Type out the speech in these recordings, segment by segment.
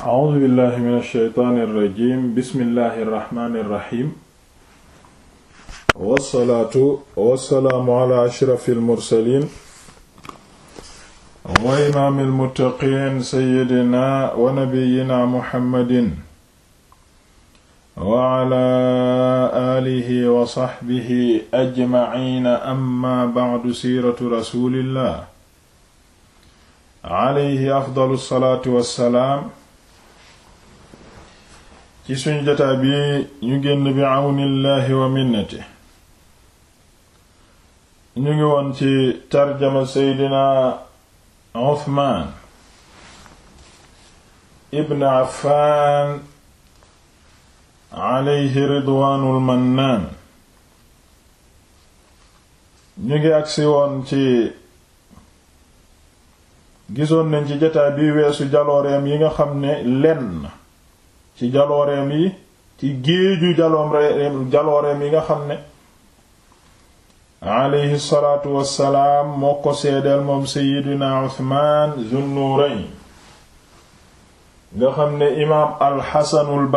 a'uuzu billahi min ash-shaytaani irrajim bismillahi irrahmaani irrahim wassalaatu wassalaamu ala ashrafi almursalin wa imaami almuttaqiin sayyidina wa nabiyyina muhammadin wa ala alihi wa sahbihi ajmaciina amma bacdu siiratu rasulillah alayhi afdalu salaatu wassalaam ci suñu jotaa bi ñu génn bi àwnillaahi wa minnati ñu ngi woon ci tarjama seydina Uthman ibn Affan alayhi ridwaanul mannaan ñu ngi agsi woon ci gisoon nañ ci jotaa bi weesu jalooreem yi nga xam ne lenn ci jalooreem yi ci géeju jaloom jalooreem nga xam ne aleyhi salaatu wassalaam moo ko seedeel moom seydina Usmaan Zunnurayn nga xam ne imaam alxasanul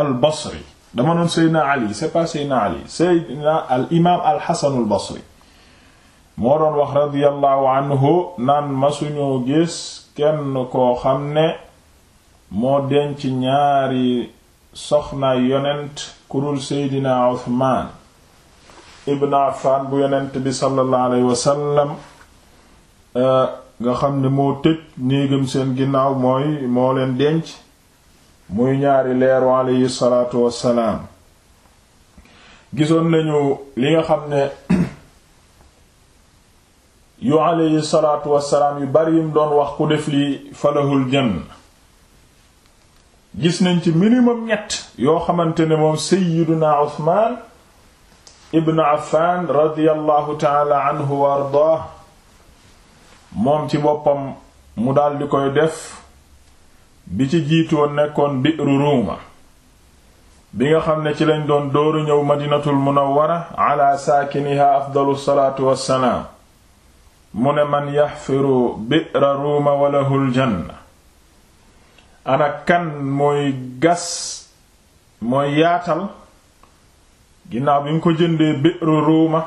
al basri dama noon seydina Ali c'est pas seydina Ali seydina al imaam alxasanul basri moo doon wax radiyallahu anhu naan masuñoo gis kenn koo xam ne moo denc ñaari soxna yonent kurul seydina uthman ibn affan bu yonent bi sallallahu alayhi wasallam euh, nga xam ne moo tëj néegam seen ginnaaw mooy moo leen denc muy ñaari leeru alayhi salaatu wassalaam gisoon nañu li nga xam ne yu alayhi salaatu wassalaam yu bari yim doon wax ku def li falahul janna gis nañ ci minimum ñett yoo xamante ne moom sayyiduna Usmaan ibn Affan radiyallahu taala anhu wa ardaah moom ci boppam mu daldi koy def bi ci jiitoo nekkoon bi'ru ruuma bi nga xam ne ci lañ doon dooru ñëw madinatul munawwara ala saakiniha afdalu salaatu wassalaam mu ne man yaxfiru bi'ra ruuma wa lahul janna ana kan mooy gas mooy yaatal ginnaaw bi nga ko jëndee bi'ru ruuma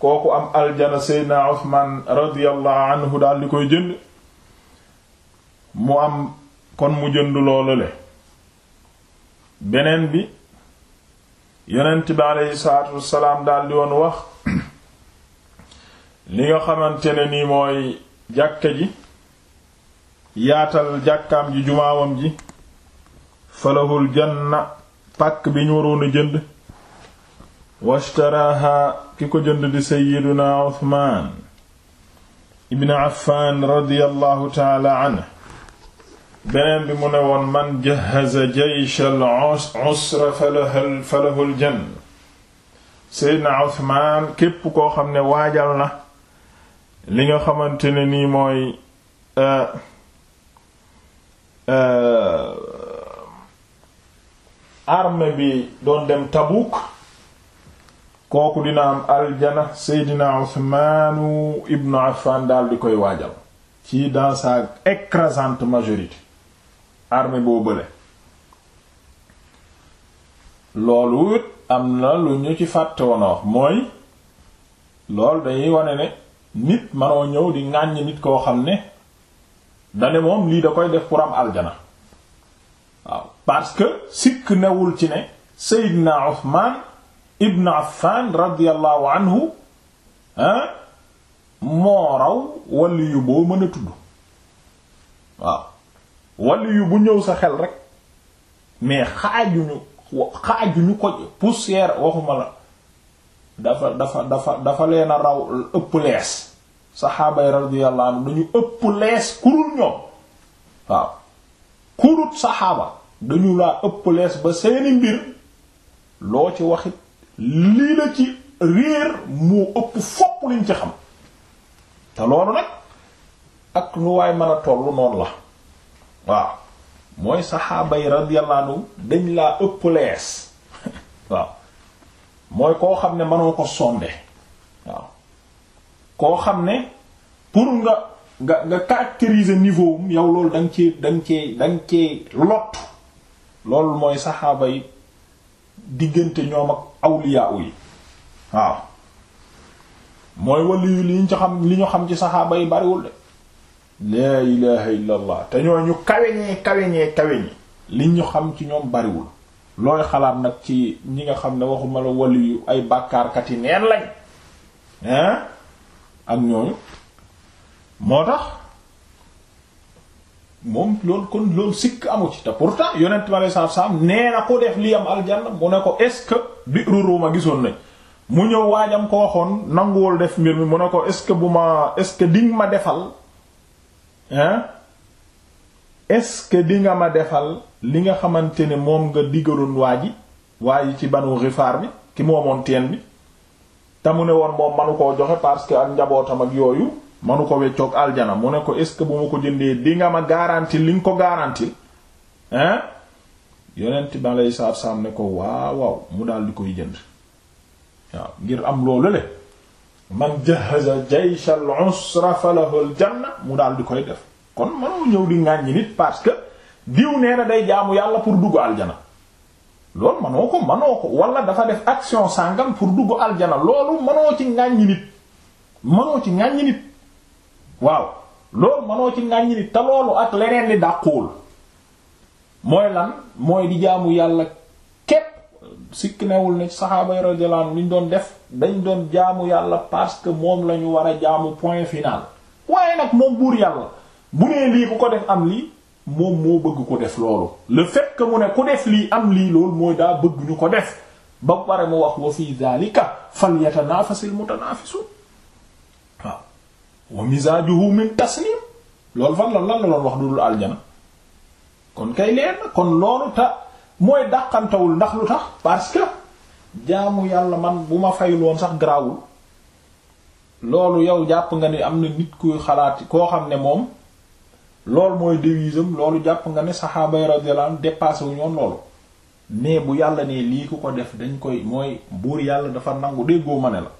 kooku am aljana seydna uthman radiyallahu anhu daal koy jënd mu am kon mu jënd loolu le beneen bi yonent bi aleyhi salaatu wassalaam daal woon wax li nga xamante ne ni mooy jàkka ji yaatal jàkkaam ji jumaawam ji falahul janna pàkk bi ñu waroon a jënd washtaraha ki ko jënd di sayyiduna Uthman ibn Affan radiyallahu taala anhu beneen bi mu ne woon man jahaza jaysh al-usra falahu al-janna seydna Uthman képp koo xam ne waajal na li nga xamante ne nii mooy euh, Euh, armée bi doon dem Tabuk kooku dina am aljana Seydina Usmaanu ibnu Affan daal di koy waajal ci dans sa écrasante majorité armée boo bële loolu am na lu ñu ci fàtte woon a wax mooy loolu dañuy wane ne nit manoo ñëw di ŋàññ nit koo xam ne dane moom lii da koy def pour am aljana waaw parce que sikk newul ci ne Seydina Uthman ibn Affan radiyallahu anhu hein moo raw waliyu boo mën a tudd waaw waliyu bu ñëw sa xel rek mais xaajuñu xaajuñu ko poussière waxuma la dafa dafa dafa dafa leen raw ëpp lees saxaaba yi radiyallahu anhu dañu ëpp lees kurul ñoom waaw kurut saxaaba dañu laa ëpp lees ba seeni mbir loo ci waxit lii la ci réer moo ëpp fopp liñ ci xam te loolu nag ak nu waay mën a tollu noonu la waaw mooy saxaaba yi radiyallahu anhu dañ laa ëpp lees waaw mooy koo xam ne mënoo ko sonde waaw koo xam ne pour nga nga nga caractériser niveau am yow loolu da nga cee da nga cee da loolu mooy saxaaba yi diggante ñoom ak awliya yi waaw mooy waliyu li ñu ci xam li ñu xam ci saxaaba yi bariwul de laa ilaha illa allah te ñooñu kaweñee kaweñee kaweñi li ñu xam ci ñoom bariwul looy xalaat nag ci ñi nga xam ne waxuma la waliyu ay bàkkaarkat yi neen lañ hein ak ñooñu moo tax moom lool kon loolu sikk amu ci te pourtant yonent bi aleyhi salaatu salaam nee na ko def li am aljanna mu ne ko est-ce que bi ruruuma gisoon nañ mu ñëw waajam ko waxoon nanguwul def mbir mi mu ne ko est-ce que bu ma est-ce que di nga ma defal hein est-ce que di nga ma defal li nga xamante ne moom nga digaloon waa ji waa ji ci banu rifaar bi ki moomoon teen bi te mu ne woon moom manu koo joxe parce que ak njabootam ak yooyu manu ko weccoog aljana mu ne ko est ce que bu ma ko jëndee di nga ma garanti li nga ko garanti hein yonent bi aleyhi salaatu ne ko waaw waaw mu daal di koy jënd waaw ngir am loolu le man jahaza jaysh al usra janna mu daal di koy def kon mënoo ñëw di ŋàññi nit parce que diw nee na day jaamu yàlla pour dugg aljana loolu manoo ko manoo ko wala dafa def action sàngam pour dugg aljana loolu manoo ci ŋàññi nit manoo ci ŋàññi nit waaw loolu manoo ci ŋàññi nit te loolu ak leneen li dàquwul mooy lan mooy di jaamu yàlla képp sikk newul ne saxaaba yi li ñu doon def dañ doon jaamu yàlla parce que moom lañu war a jaamu point final waaye nag moom buur yàlla bu nee lii ku ko def am lii moom moo bëgg ko def loolu le fait mu ne ku def lii am lii loolu mooy daa bëgg ñu ko def ba pare mu wax wa fi dhalika falyatanafasil mutanafisun waaw wa mizajuhu min tasnim loolu fan la lan la doon wax dudul aljana kon kay leer kon loolu ta mooy dàqantawul ndax lu tax parce que jaamu yàlla man bu ma fayuloon sax garaawul loolu yow jàpp nga ni am na nit kuy xalaat koo xam ne moom loolu mooy dewisam loolu jàpp nga ne saxaaba yi radiyallahu anhum dépassé wu loolu mais bu yàlla ne lii ku ko def dañ koy mooy buur yàlla dafa nangu déggoo ma ne la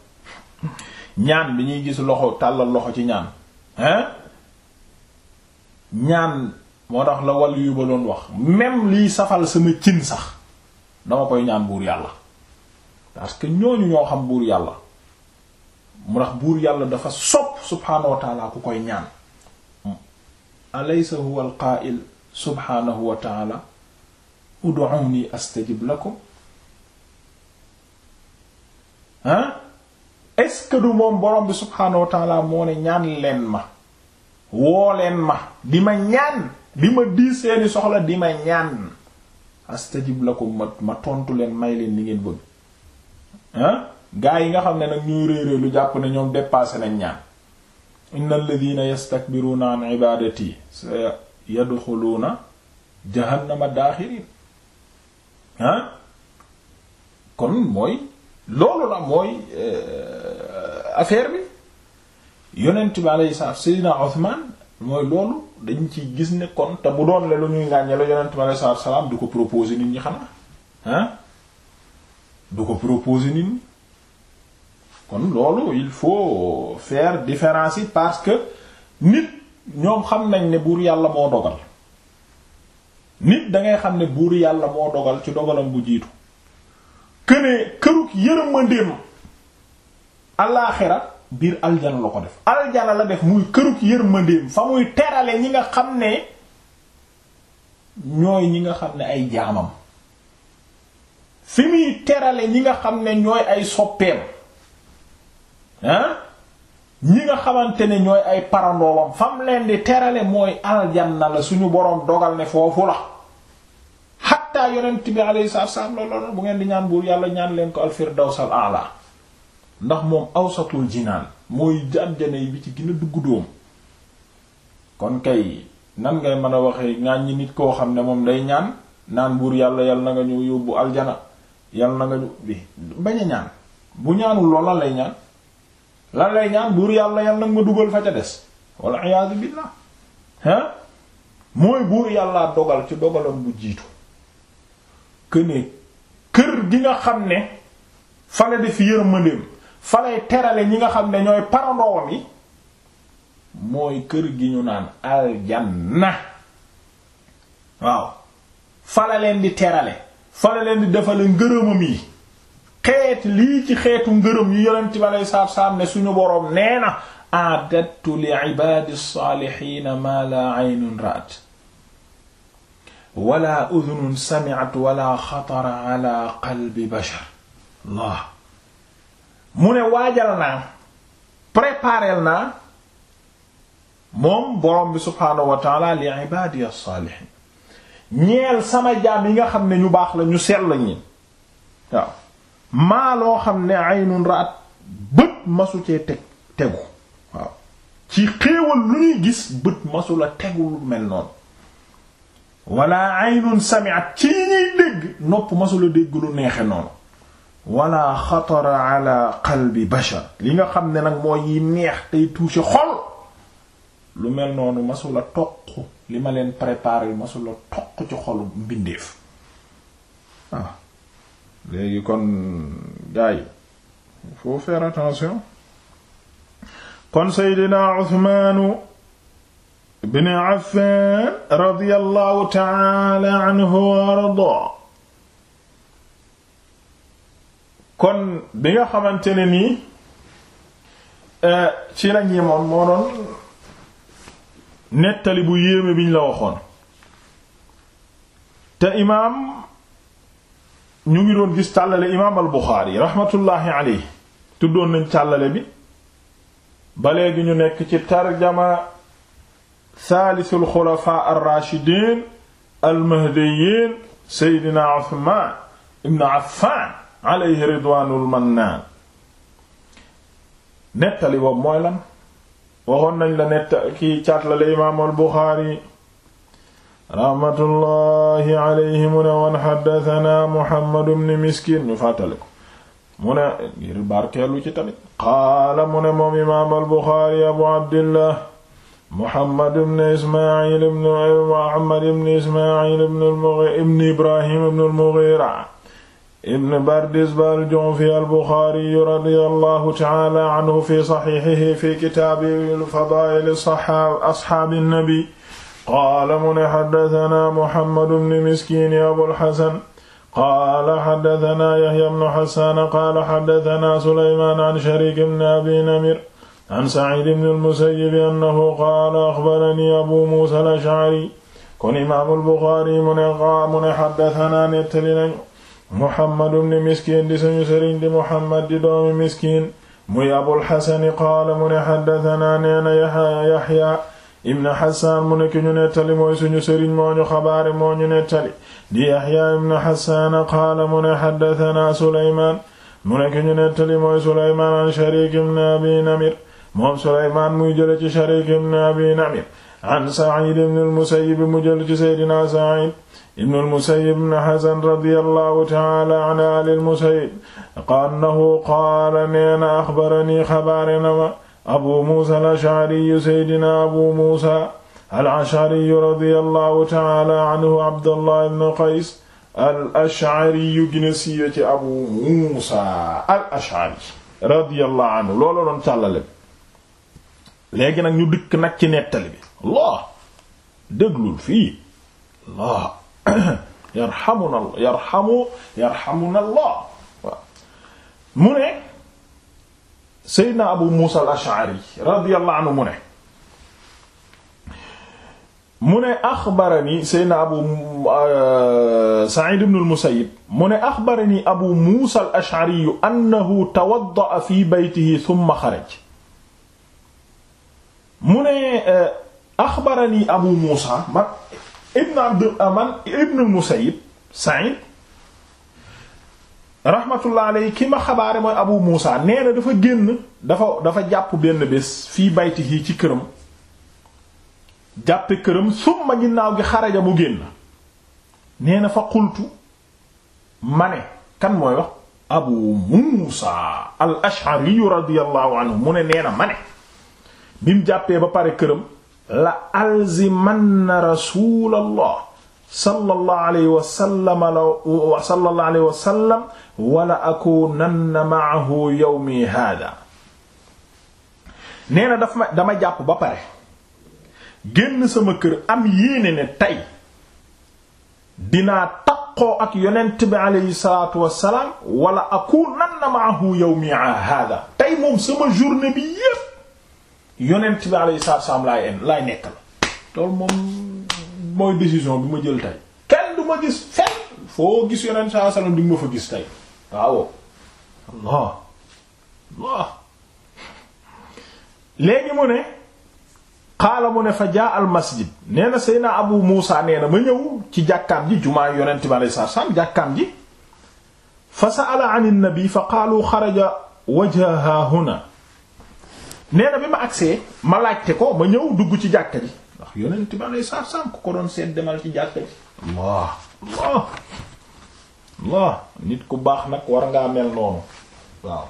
ñaan bi ñuy gis loxo tàllal loxo ci ñaan hein ñaan moo tax la wàll yu ba doon wax même liy safal sama cin sax dama koy ñaan buur yàlla parce que ñooñu ñoo xam buur yàlla mu tax buur yàlla dafa sopp subhaanahu wa ku koy ñaan alaysa huwa alqaa'il subhaanahu wa ta'ala ud'uuni astajib lakum ah est-ce que du moom borom bi subhaanahu wa ta'ala moo ne ñaan leen ma woo leen ma di ma ñaan di ma dii seeni soxla di ma ñaan astajib lakum ma ma tontu leen may leen li ngeen bëgg ah gaa yi nga xam ne nag ñuy réeréer lu jàpp ne ñoom dépassé nañ ñaan inna alladina yastakbiruuna an ibaadati sa yadxuluuna jahannama daaxiriin ah kon mooy loolu la mooy eh, affaire bi yonent bi alayhi salaam seydina Usmaan mooy loolu dañ ci gis ne kon te bu doon le lu ñuy ngàññe la yonent bi alayhi salaam du ko proposer nit ñi xanaa ah du ko proposer nit ñi kon loolu il faut fair différence yi parce que nit ñoom xam nañ ne buur yàlla moo dogal nit dangay xam ne buur yàlla moo dogal ci dogalam bu jiitu kënee kërug yërmandeem alaaxira biir aljana la ko def aljana la def muy kërug yërmandeem fa muy terale ñi nga xam ne ñooy ñi nga xam ne ay jaamam fi muy terale ñi nga xam ne ñooy ay soppeem ñi nga xamante ne ñooy ay parandoowam fam leen di terale mooy aljanna la suñu boroom dogal ne foofu la xatta yonent bi alayhi salaam loolu bu ngeen di ñaan buur yàlla ñaan leen ko alfirdaws al a'la ndax moom awsatul jinaan mooy aljanna yi bi ci gën a dugg kon kay nan ngay mën a waxee ñaan ñi nit koo xam ne moom day ñaan naan buur yàlla yàlla na nga ñu yóbbu aljana yàlla na nga ñu bi bañ a ñaan bu ñaanul loola lay ñaan lan lay ñaan buur yàlla yal nag dugal fa ca des walla iyaazu billah ah mooy buur yàlla dogal ci dogalam bu jiitu këne kër gi nga xam ne fa la def yërmandeem fa terale ñi nga xam ne ñooy parandoom yi mooy kër gi ñu naan aljanna waaw fa leen di terale fa leen di defale ngërëmam yi xeet lii ci xeetu ngërëm yu yonent bi aleyhi salaatu salaam ne suñu boroom nee na a'dattu li ibaadi saalihiina maa laa aynun ra'at wala udunun sami'at wala xatara ala qalbi bashar Allah mu ne waajal naa prépareel naa moom borom bi sama jaam yi nga xam ne ñu baax la ñu sell ñi maa loo xam ne aynun raat bët masu cee teg tegu waaw ci xéewal lu ñuy gis bët masu la tegu lu mel noonu walla aynun sami'at ci ñuy dégg nopp masu la dégg lu neexe noonu wala xatara ala qalbi bashar li nga xam ne nag mooy yi neex tey touché xol lu mel noonu masu la toq li ma leen préparé masu la toq ci xolu mbindeef léegi kon gars yi il attention kon Seydina Usmaanu ibn Affaan radiyallahu ta'ala anhu wa ardaa kon bi nga xamante euh, ci lañ yemoon moo doon nettali bu yéeme biñ la waxoon te imaam ñu ngi doon gis càllale imaam al Buxaari raxmatullaahi alayhi tuddoon nañ càllale bi ba léegi ñu nekk ci tarjama saalisul xulafaa ar raashidiin al mahdiyiin seydina Usmaan ibn Affaan alayhi ridwaanul mannaan nettali boobu mooy lan waxoon nañ la nett ki imaam al raxmatullahi alayhi mu ne woon xaddatanaa muhammadu bnu miskiin ñu fàttale ko mu ne ngir barkeelu ci tamit qaala mu ne moom imaam albuxaari abu abdillah muhammadu bnu ismail bnu muhammad bnu ismail bnu ibrahim bnu almughira ibn bardisba aljufi albuxaari radiyallahu taala anhu fi saxiixihi fi kitaabi fadaa'il asxaabi nabi qaala mu ne xaddatanaa mohammadu bni miskiini abulxasan qaala xaddatanaa yaxya bnu xasaana qaala xaddatanaa suleymaan an sharik bni abi namir an sacid bni almusayibi annahu qaala axbarani abu muusa al-ashcari kon imaamul buxaari mu ne qaa mu ne xaddatanaa nettali nañu mohammadu bni miskiin di suñu sëriñ di mohammad di doomi miskiin muy abulxasani qaala mu ne xaddatanaa neena yaxya ibn Hassan mu nekk ñu nettali mooy suñu sëriñ moo ñu xabaare moo ñu nettali di Yahya ibn Hassan qaala mu ne haddathana Sulaymaan mu nekk ñu nettali mooy Sulaymaan an Shariik ibn Abi Namir moom Sulaymaan muy jële ci Shariik ibn Abi Namir an Sa'iid ibn al-Musayyib mu jël ci Seydina Sa'iid ibn al-Musayyib ibn Hasan radiyallahu ta'ala an al-Musayyib qaala annahu qaala neena axbarani xabaare na ma abu muusa al-ash'ari seydina abu muusa al-ash'ari radiyallahu ta'ala anhu abdullah ibn qays al-ash'ari gina siiwe ci abu muusa al-ash'ari radiyallahu anhu loolu doon càllale bi léegi nag ñu dikk nag ci nettali bi Allah déglul fii Allah yarhamuna yarhamu yarhamuna Allah mu ne seydna abu muusa al ash'ari radiyallahu anhu mu ne mu ne axbarani seydna abu euh, sa'id ibn al musayyib mu ne axbarani abu muusa al ash'ari annahu tawadda'a fi baytihi thumma xaraj mu ne euh, axbarani abu muusa man ibn abd man ibn al musayyib sa'id rahmatullah kii ma xabaare mooy Abu Muusa nee na dafa génn dafa dafa jàpp benn bés fii bayti yi ci këram jàppe këram summa ginnaaw gi xaraja mu génn nee na fa qultu ma ne kan mooy wax Abu Muusa al Ash'ari radiyallahu anhu mu ne nee na ma ne bi mu jàppee ba pare këram la alzimanna rasulallah sallallahu alayhi wa sallam wala akunanna ma'ahu yow mi nee na dama jàpp ba pare génn sama kër am yéene ne tey dinaa taqoo ak yonent bi alayhi salatu wasalaam wala akunanna ma'ahu yow hada tey moom sama journée bi yépp yonent bi alayhi salatu wasalaam laay mooy décision bi ma jël tey kenn du ma gis fenn foo gis yeneen saa salaam di ma fa gis tey waaw Allah Allah léegi mu ne xaala mu ne fa jaa al masjid nee na Seyna Abu Muusa nee na ma ñëw ci jàkkaam ji jumaa yonent bi alei satu salaam jàkkaam ji fa sa'ala an nabi fa qaalu xaraja wajha huna nee bi ma agsee ma laajte ko ma ñëw dugg ci jàkka ji ndax yonent ma lay saar saam ko doon seet demal ci jàkka ji Allah Allah Allah nit ku baax nag war ngaa mel noonu waaw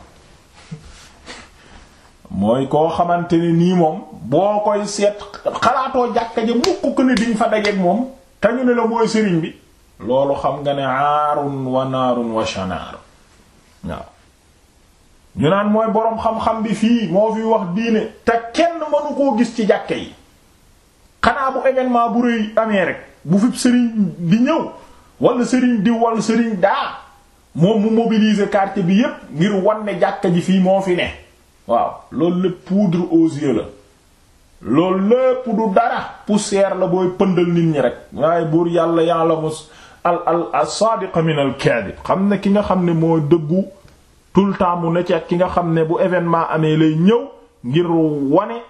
mooy koo xamante ne nii moom boo koy seet xalaatoo jàkka ji mukk ko ne diñ fa dajeek moom te ñu la mooy sëriñ bi loolu xam nga ne aarun wa naarun wa shanaar waaw ñu naan mooy boroom xam-xam bi fii moo fi wax diine te kenn mënu koo gis ci jàkke yi xanaa bu événement bu rëy amee rek bu fi sëriñ di ñëw walla sëriñ di wala sëriñ daa moom mu mobiliser quartier bi yépp ngir wan ne jàkka ji fii moo fi ne waaw loolu lépp la loolu lépp du dara poussière la booy pëndal nit ñi rek waaye buur yàlla yàlla mos al al al saadiq min al kadib xam ne ki nga xam ne moo dëggu tout le temps mu ne ci ki nga xam ne bu événement amee lay ñëw ngir wane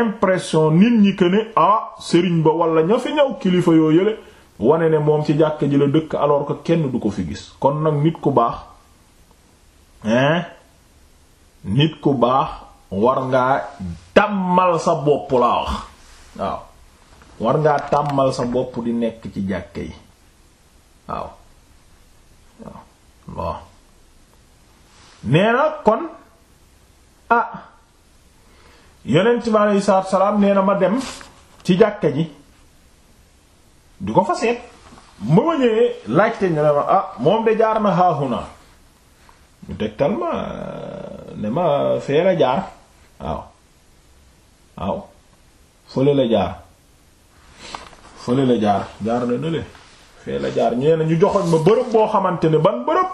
impression nit ñi que ne ah sëriñ ba wala ña fi ñëw kilifa yoo yële wane ne moom ci jàkk ji la dëkk alors que kenn du ko fi gis kon nag nit ku baax hein nit ku baax war ngaa tàmmal sa bopp laa wax waaw war ngaa tàmmal sa bopp di nekk ci jàkka yi waaw nee na kon ah yonent bi aleyhi salaatu salaam nee na ma dem ci jàkka ji di ko fa seet ma ma ñëwee laajte ñu ne ma ah moom de jaar na haahuna ñu tegtal ma ne ma fee la jaar waaw waaw fële la jaar fële la jaar jaar na nële fee la jaar ñee na ñu joxoñ ma bërëb boo xamante ne ban bërëb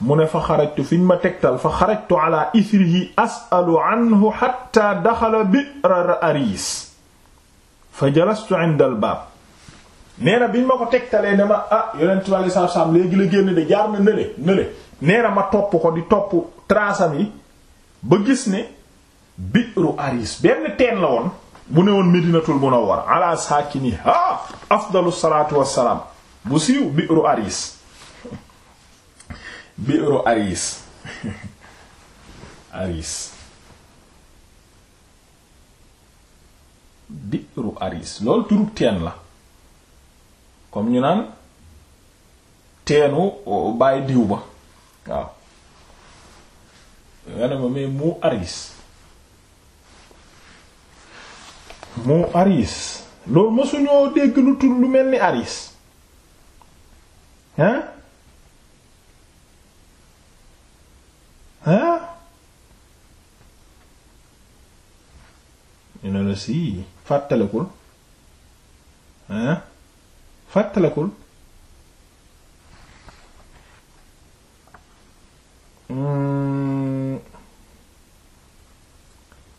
mu ne fa xarajtu fiñ ma tegtal fa xarajtu ala isrihi as'alu anhu hatta daxala bi'r aris fa jalastu 'inda al baab nee biñ ma ko tegtalee ne ma ah yonent bi alayhi léegi la génn de jaar na nële nële nee na ma topp ko di topp trasam yi ba gis ne bi'ru aris benn teen la woon bu ne woon Medinatul Munawwara ala saakinihaa afdalu salaatu wassalaam bu siiw bi'ru aris biiru aris aris biiru aris loolu turub teen la comme ñu naan teenu euh, bàyyi diw ba waaw nga ma mais mu aris mu aris loolu ma suñoo dégg lu tur lu mel ni aris hein hein ñu ne la sii fàttalekul hein fàttalekul hmm.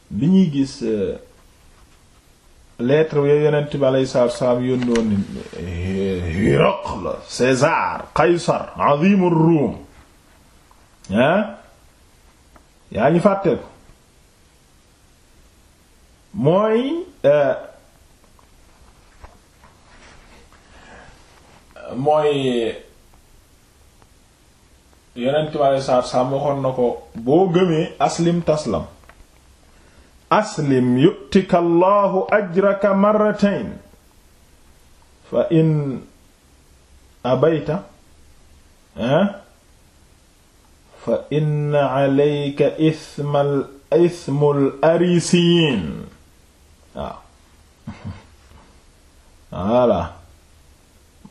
bi ñuy gis euh, lettre yooyu yonent bi alayhi salaatu salaam yónnoon Hiraql César Qaysar azimur Rum hein yaa ngi fàtteel mooy euh, mooy yonent bi alei saatu salaam na ko boo gëmee aslim taslam aslim yu'tika allahu ajraka marratayn fa in abayta hein fa inna alayka ismal ismul arisiin waaw voilà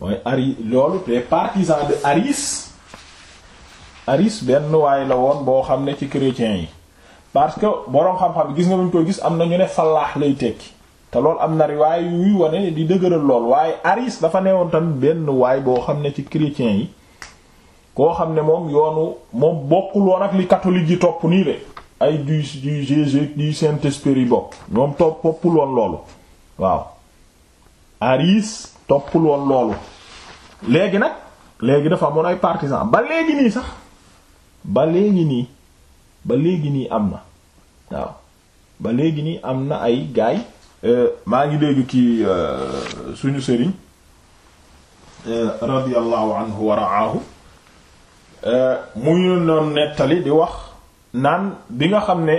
mooy ari loolu te partisan de aris aris benn waay la woon boo xam ne ci chrétiens yi parce que boroom xam-xam gis nga buñ koy gis am na ñu ne fallaax lay tekki te loolu am na riwaay yuy wone di dëgëral lool waaye aris dafa newoon tamit benn waay boo xam ne ci chrétiens yi koo xam ne moom yoonu moom bokkul woon ak li catholique yi topp nii de ay du du Jésus du Saint-Esprit bokk ñoom topp toppul woon loolu waaw Aris toppul woon loolu léegi nag léegi dafa amoon ay partisan ba léegi nii sax ba léegi nii ba léegi nii am na waaw ba léegi nii am na ay gaay euh, maa ngi dégg kii euh, suñu sëriñ euh, radiyallahu anhu wa ra'ahu Euh, mu ñu noon nettali di wax naan bi nga xam ne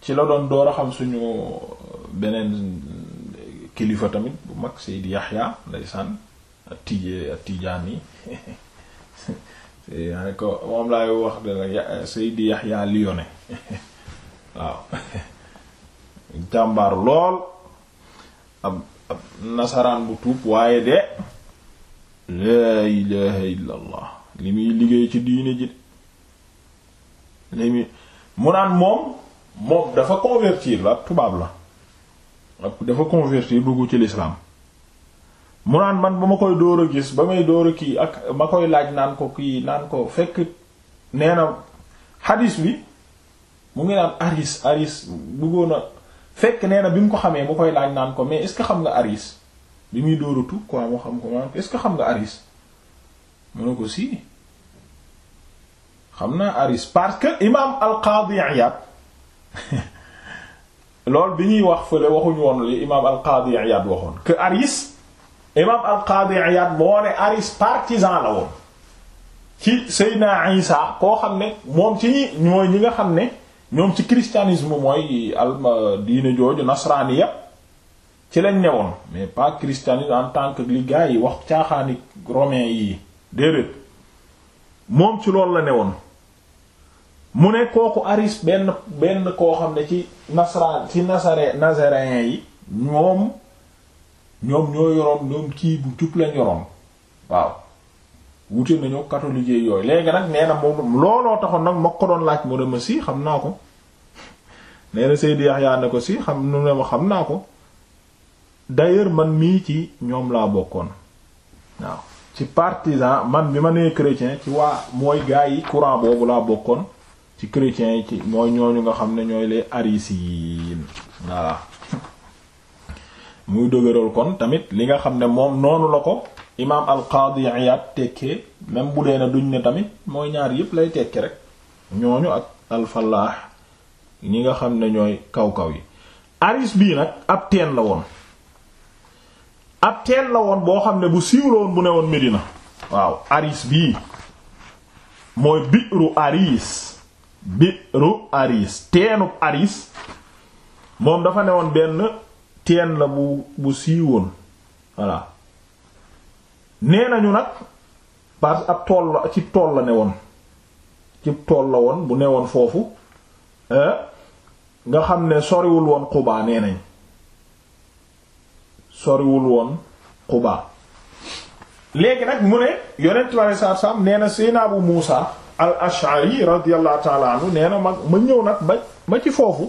ci la doon door a xam suñu beneen kilifa tamit bu mag Seydi Yaxya ndeysaan ak tijee ak tijaan yi yaa ko moom laay wax de la Seydi Yaxya Lyonnais waaw jàmbaar lool ab ab nasaraan bu tuub waaye de laa ilaaha illallah li muy liggéey ci diine ji li muy mu naan moom moom dafa convertir la tubaab la dafa convertir dugg ci l'islam mu naan man ba ma koy dóor a gis ba may dóor a kii ak ma koy laaj naan ko kii naan ko fekk nee na xadis bi mu ngi naan aris aris bëggoon a fekk nee na bi mu ko xamee mu koy laaj naan ko mais est-ce que xam nga aris bi muy dóoratu quoi xam ko ce que xam nga aris mu ne ko si xam naa aris parce que imaam al-Qadi Iyad loolu bi ñuy wax fële waxuñu woon li imaam al-Qadi Iyad waxoon que aris imaam al-Qadi Iyad moo ne aris partisan la woon ci Seydina Isa koo xam ne moom ci ñi ñooy ñi nga xam ne ñoom ci christianisme mooy al diine jooju nasraaniya ci lañ newoon mais pas christianisme en tant que yi wax caaxaani romain yi déedéet moom ci loolu la ne woon mu ne kooku aris benn benn koo xam ne ci nasaraan ci nasare nazaréen yi ñoom ñoom ñoo yoroon ñoom kii bu jub lañ yoroon waaw wute nañu catholique yooyu léegi nag nee na moom looloo taxoon nag ma ko doon laaj mu ne ma sii xam naa ko nee na Seydi Yahya ne ko si xam nu ne ma xam naa ko d'ailleurs man mii ci ñoom laa bokkoon waaw ci partisan man bi ma nee chrétien ci waa mooy gaa yi courant boobu laa bokkoon ci chrétiens yi ci mooy ñooñu nga xam ne ñooy les arisiin voilà muy dëgëral kon tamit li nga xam ne moom noonu la ko imaam al-Qadi Iyad tekkee même bu dee na duñ ne tamit mooy ñaar yëpp lay tekki rek ñooñu ak al-Fallah ñi nga xam ne ñooy kaw-kaw yi aris bii nag ab teen la woon ab teen la woon boo xam ne bu siiw la woon bu ne woon Medina waaw aris bii mooy biiru aris biru aris teenub aris moom dafa newoon benn teen la bu bu siiwoon voilà nee nañu nag parce ab tool la ci tool la newoon ci tool la woon bu newoon foofu eh, nga xam ne soriwul woon xubaa nee nañ soriwul woon xubaa léegi nag mu ne yonent bi aleyhi salaatu nee na Seydina Abu Muusa al ashari radiyallahu taala anhu nee na mag ma ñëw nag ba ba ci foofu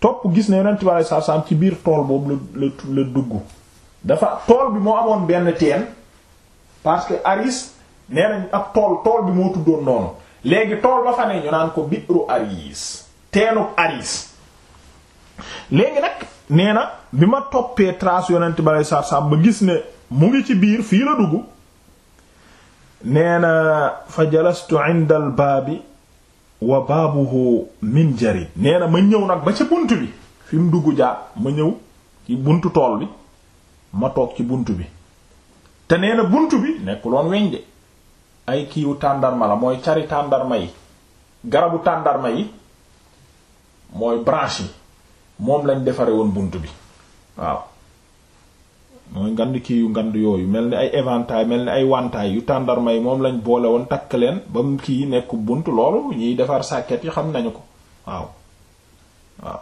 topp gis ne yonent bi alei ci biir tool boobu la la dugg dafa tool bi moo amoon benn teen parce que aris nee nañ ab tool tool bi moo tuddoon noonu léegi tool ba fa ne ñu naan ko biiru aris teenub aris léegi nag nee na bi ma toppee trace yonent bi alei ba gis ne mu ngi ci biir fii la dugg nee na fa jalastu inda al baabi wa baabuhu min jarid nee na ma ñëw nag ba ca bunt bi fi mu dugg jaar ma ñëw ci buntu tool bi ma toog ci bunt bi te nee bunt bi nekkuloon weñ de ay kiiwu tàndarma la mooy cari tàndarma yi garabu tàndarma yi mooy branche yi moom lañ defare woon bunt bi waaw mooy ngand kii yu ngand yooyu mel ni ay éventail mel ni ay wantaay yu tàndarma yi moom lañ boole woon takk leen ba mu kii nekk bunt loolu ñuy defar sàkket yi xam nañu ko waaw waaw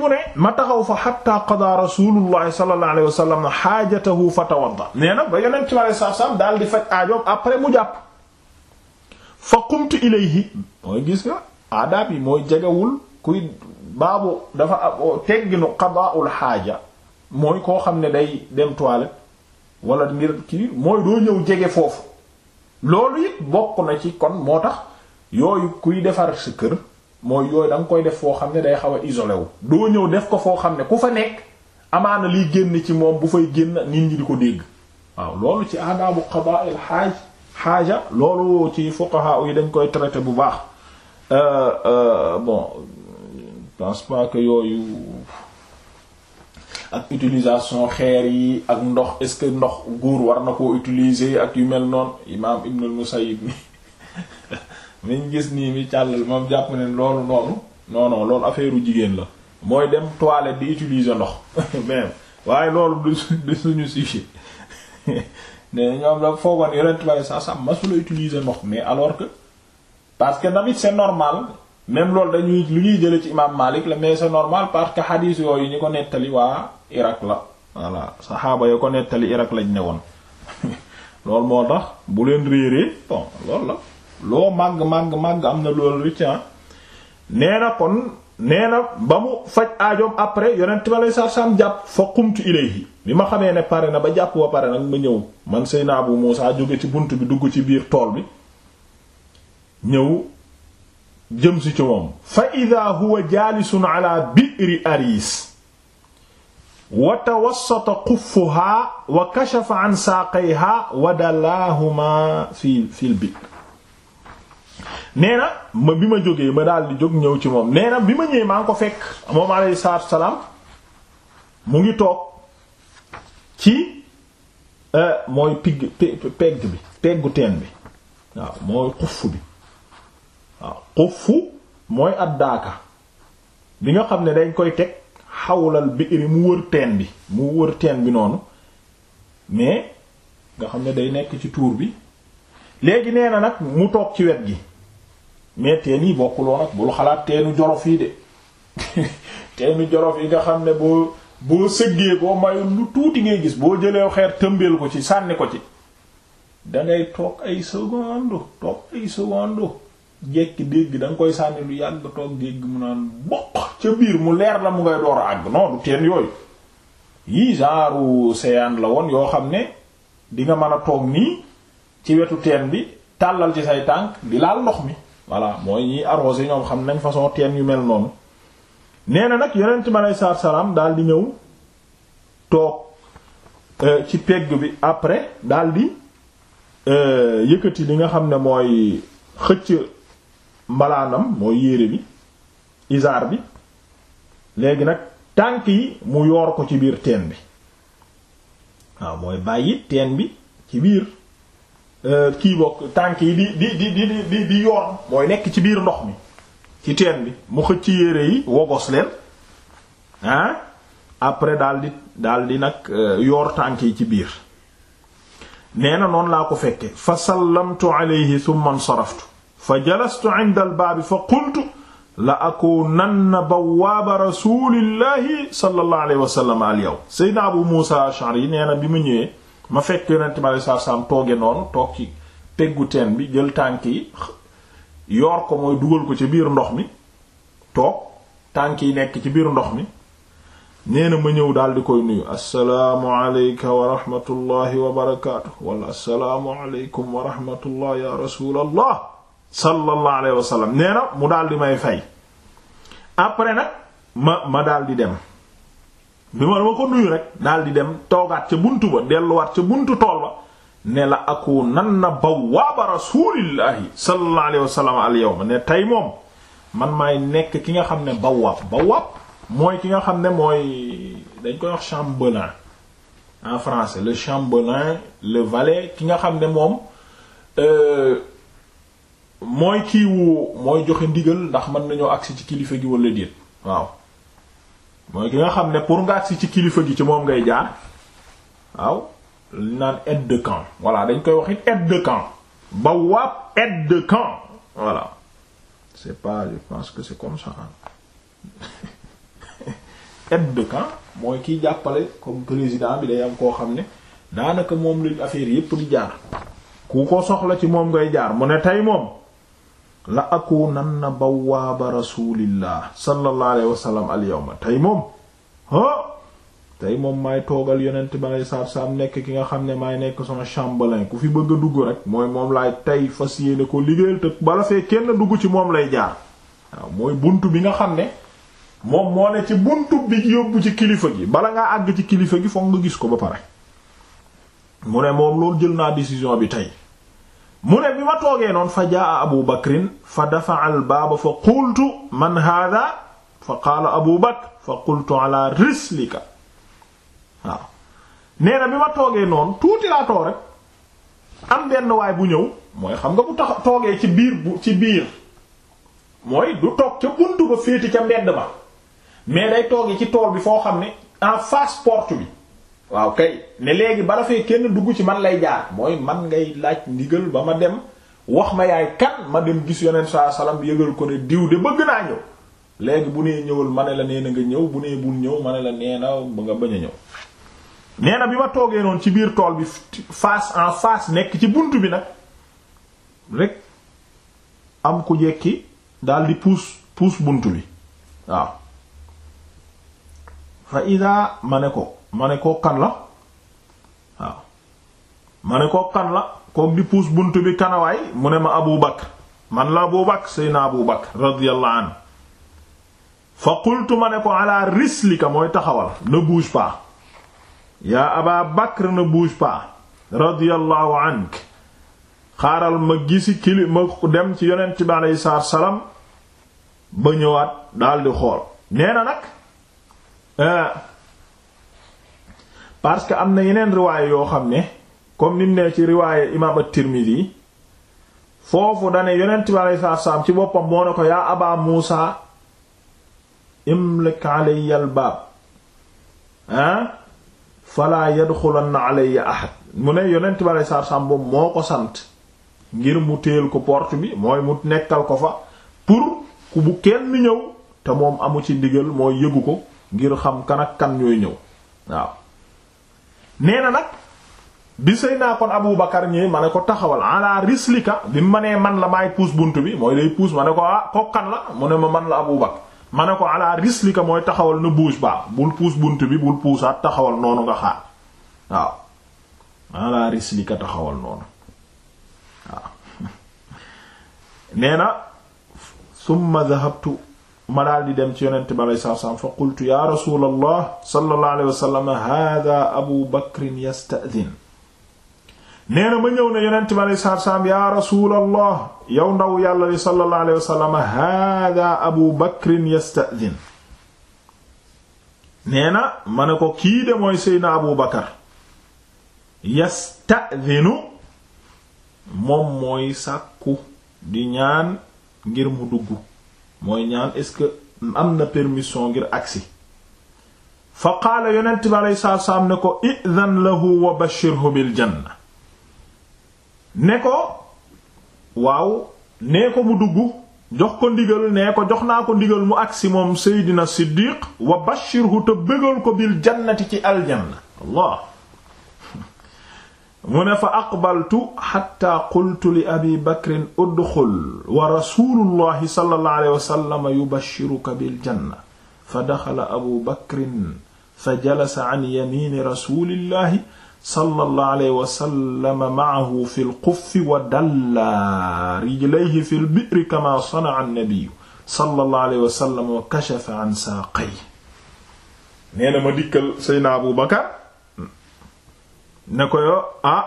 mu ne ma taxaw fa xatta qada rasulullahi sallallahu alayhi wasallam xaajatahu fa tawadda nee na ba yeneen yonent bi alayhi salaam daal di faj aajoom après mu jàpp fa qumtu ilayhi mooy gis nga aadaab yi mooy jegewul kuy baabu dafa tegginu qadaa'ul xaaja mooy koo xam ne day dem toilette wala ngir kii mooy doo ñëw jege foofu loolu it bokk na ci kon moo tax yooyu kuy defar sa kër mooy yooyu danga koy def foo xam ne day xaw a isolé wu doo ñëw def ko foo xam ne ku fa nekk amaana liy génn ci moom bu fay génn nit ñi di ko dégg waaw loolu ci aadaabu qada'il xaaj xaaja loolu ci fuqaha yi dañ koy traité bu baax euh, euh, bon pense que yooyu ak utilisation xeer yi ak ndox est-ce que ndox góor war na ko utiliser ak yu mel noonu imaam Ibn al-Musayyib mi niñ gis nii mu càllal moom jàpp ne loolu noonu non non loolu affaire jigéen la mooy dem toilette di utiliser ndox même waaye loolu du suñu sujet ne ñoom da foogoon yonent bale sa sa masula utiliser ndox mais alors que parce que tamit see normal même loolu dañuy lu ñuy jële ci imam Malik la mais c'est normal parce que xadiis yooyu ñu ko nettali waa Irak la voilà saxaaba ya ko nettali Irak lañ ne woon loolu moo tax bu leen réeree bon la loo màgg màgg màgg am na lool ricca ah. nee na kon nee ba mu faj aajoom après yonent ma lay sarsam jàpp fa qumtu ilayhi bi ma xamee ne pare na ba jàpp ba pare nag ma ñëw man Seydina Abu Muusa jóge ci bunt bi dugg ci biir tool bi ñëw jëm si ci moom fa ida huwa jaalisun ala bi'ri aris wa tawassata xuffuhaa wa kashafa an saaqayhaa wa dalaahumaa fi fil bi nee na ma bi ma jógee ba daal di jóg ñëw ci moom nee na bi ma ñëwee maa ngi ko fekk moom alayhi salaatu salaam mu ngi toog ci mooy pigg pegg bi peggu teen bi waaw mooy xuff bi waaw mooy addaaka bi nga xam ne dañ koy teg xawlal bi'ri mu wër teen bi mu wër teen bi noonu mais nga xam ne day nekk ci tuur bi léegi nee na nag mu toog ci wet gi mais teen yi bokkuloo nag bul xalaat teenu jorof yi de teenu jorof yi nga xam ne boo boo sëggee boo mayul lu tuuti ngay gis boo jëlee xeer tëmbeel ko ci sànni ko ci dangay toog ay seconde toog ay seconde jekki dégg da nga koy sànni lu yàgg toog dégg mu naan bokk ca biir mu leer la mu ngay door a àgg non du teen yooyu yii genre séyaan la woon yoo xam ne di nga mën a toog nii ci wetu teen bi tàllal ci say tànk di laal ndox mi voilà mooy ñiy arrosé ñoom xam nañ façon teen yu mel noonu nee na nag yonent mi aleyhi salaatu salaam daal di ñëw toog euh, ci pegg bi après daal di euh, yëkkati li nga xam ne mooy xëcc mbalaanam mooy yére bi isaar bi léegi nag tànk yi mu yoor ko ci biir teen bi waaw mooy bàyyi teen bi ci biir euh, kii bokk tànk yi di di di di di yoor mooy nekk ci biir ndox mi ci teen bi mu xëcc yére yi wogos leen ah, après daal di daal di nag euh, yoor tànk yi ci biir nee na noonu laa ko fekke fa sallamtu alayhi thumma nsaraftu fa jalastu inda albaabi fa qultu la akuunanna bawaaba rasulillahi sallallahu alayhi wa sallam abu muusa ash'ari yi bi mu ma fekk yonente mi alei satu salaam tooge noonu toog peggu teen bi jël tànk yi mooy dugal ko ci biir ndox mi toog yi nekk ci biir ndox mi nee ma ñëw daal di koy nuyu assalaamu aleyka wa rahmatullahi wa aleykum wa ya rasul allah sallallahu alayhi wasallam nee na mu daal di may fay après nag ma ma daal di dem bi ma dama ko nuyu rek daal di dem toogaat ca bunt ba delluwaat ca buntu tool ba ne la aku nan na bawaaba rasulillahi sallallahu alayhi ne tey moom man maay nekk ki nga xam ne bawaab bawaab mooy ki nga xam ne mooy dañ koy wax chambellan en français le chambellan le valet ki nga xam ne moom euh, mooy kiiwu mooy joxe ndigal ndax mën nañoo agsi ci kilifa gi wala déet waaw mooy ki nga xam ne pour nga agsi ci kilifa gi ci moom ngay jaar waaw li naan aide de camp voilà dañ koy wax it aide de camp bawaab aide de camp voilà c'est pas je pense que c'est comme ça aide de camp mooy kiy jàppale comme président bi day am koo xam ne daanaka moom lañ affaire yépp di jaar ku ko soxla ci moom ngay jaar mu ne tey moom la nan akuunanna bawaaba rasulillah sallallahu alayhi wasallam al yawma tey moom ah tey moom maay toogal yonent ba lay saab saab nekk ki nga xam ne maay nekk sama chambellan ku fi bëgg a dugg rek mooy moom laay tey fas yéene ko liggéeyal te bala fee kenn dugg ci moom lay jaar waaw mooy bunt bi nga xam ne moom moo ne ci bunt bi yóbbu ci kilifa gi bala ngaa àgg ci kilifa gi foog nga gis ko ba pare mu ne moom loolu jël naa décision bi tey mu ne bi ma toogee noonu fa jaa abu bakrin fa dafa al baaba fa qultu man haadaa fa qaala abu bakr fa qultu ala rislika waaw nee na bi ma toogee noonu tuuti laa too rek am benn waay bu ñëw mooy xam nga bu tax toogee ci biir bu ci biir mooy du toog ca bunt ba féeti ca mbedd ba mais day toogee ci tool bi foo xam ne en face porte bi waaw kay ne léegi bala fee kenn dugg ci man lay jaar mooy man ngay laaj ndigal ba ma dem wax ma yaay kan ma dem gis yonent saa salaam yëgal ko ne diw de bëgg naa ñëw léegi bu nee ñëwal ma ne la nee na nga ñëw bu nee bul ñëw ma ne la nee na ba nga bañ a ñëw. nee bi ma toogee noonu ci biir tool bi face en face nekk ci bunt bi nag rek am ku jekki daal di puus puus bunt bi waaw fa ma ne ko. ma ne koo kan la waaw ma ne koo kan la kook di puus bunt bi kanawaay mu ne ma Abu Bakr man la Abu Bakr na Abu Bakr radiyallahu anhu fa qultu ma ne ko ala rislika mooy taxawal ne bouge pas yaa Aba Bakr ne bouge pas radiyallahu ank xaaral ma gisi kili ma dem ci yonent bi aleyhi salaatu salaam ba ñëwaat daldi xool nee na nag eh, parce que am na yeneen riwaay yoo xam ne comme nim ne ci riwaaye imaam at-Tirmidhi foofu dane yonent bi aleyhi ci boppam moo ne ko yaa aba muusa imlik alayya al baab ah falaa yadxulanna alayya ahad mu ne yonent bi aleyhi boobu moo ko sant ngir mu téel ko porte bi mooy mu nekkal ko fa pour ku bu kenn ñëw te moom amu ci ndigal mooy yëgu ko ngir xam kan ak kan ñooy ñëw nee na nag bi sëy naa kon Abu Bakar ma ne ko taxawal ala rislika bi mu ma nee man la maay puus bunt bi mooy day puus ma ne ko ah kokkan la mu ne ma man la Abu Bakar ma ne ko ala rislika mooy taxawal na bouge baa bul puus bunt bi bul puusaat taxawal noonu nga xaar waaw ala rislika taxawal noonu waaw nee na summa dhahabtu ma daal di dem ci yonent bi alayhi salaatu salaam fa qultu ya rasulallah sallallahu abu bakrin yasta'din nee na ma ñëw ne yonent bi alayhi salaatu salaam yow ndaw yàlla li sallallahu alayhi abu bakrin yasta'din nee na ma ne ko kii de mooy seydna abu bakar yasta'dinu moom mooy sàkku di ñaan ngir mu dugg mooy ñaan est-ce que am na permission ngir agsi fa qaala yonent bi aleyhi ne ko idan lahu wa bashirhu bil janna ne ko waaw nee ko mu dugg jox ko ndigal nee ko jox naa ko ndigal mu agsi moom seydina siddiq wa bashirhu te bégal ko bil jannati ci aljanna mu ne fa aqbaltu xatta qultu li abi bakrin udxul wa rasulullahi sallallahu alayhi wa sallam yubashiruka bil janna fa daxala abu bakrin fa jalasa an yamini rasulillahi sallallahu alayhi wa sallam ma'ahu fil quffi wa dalla rijlayhi fil bi'ri kama sana'a an-nabiyyu sallallahu alayhi wa sallam wa kashafa an saaqayhi nee na ma dikkal Seydina Abu Bakar ne ko yo ah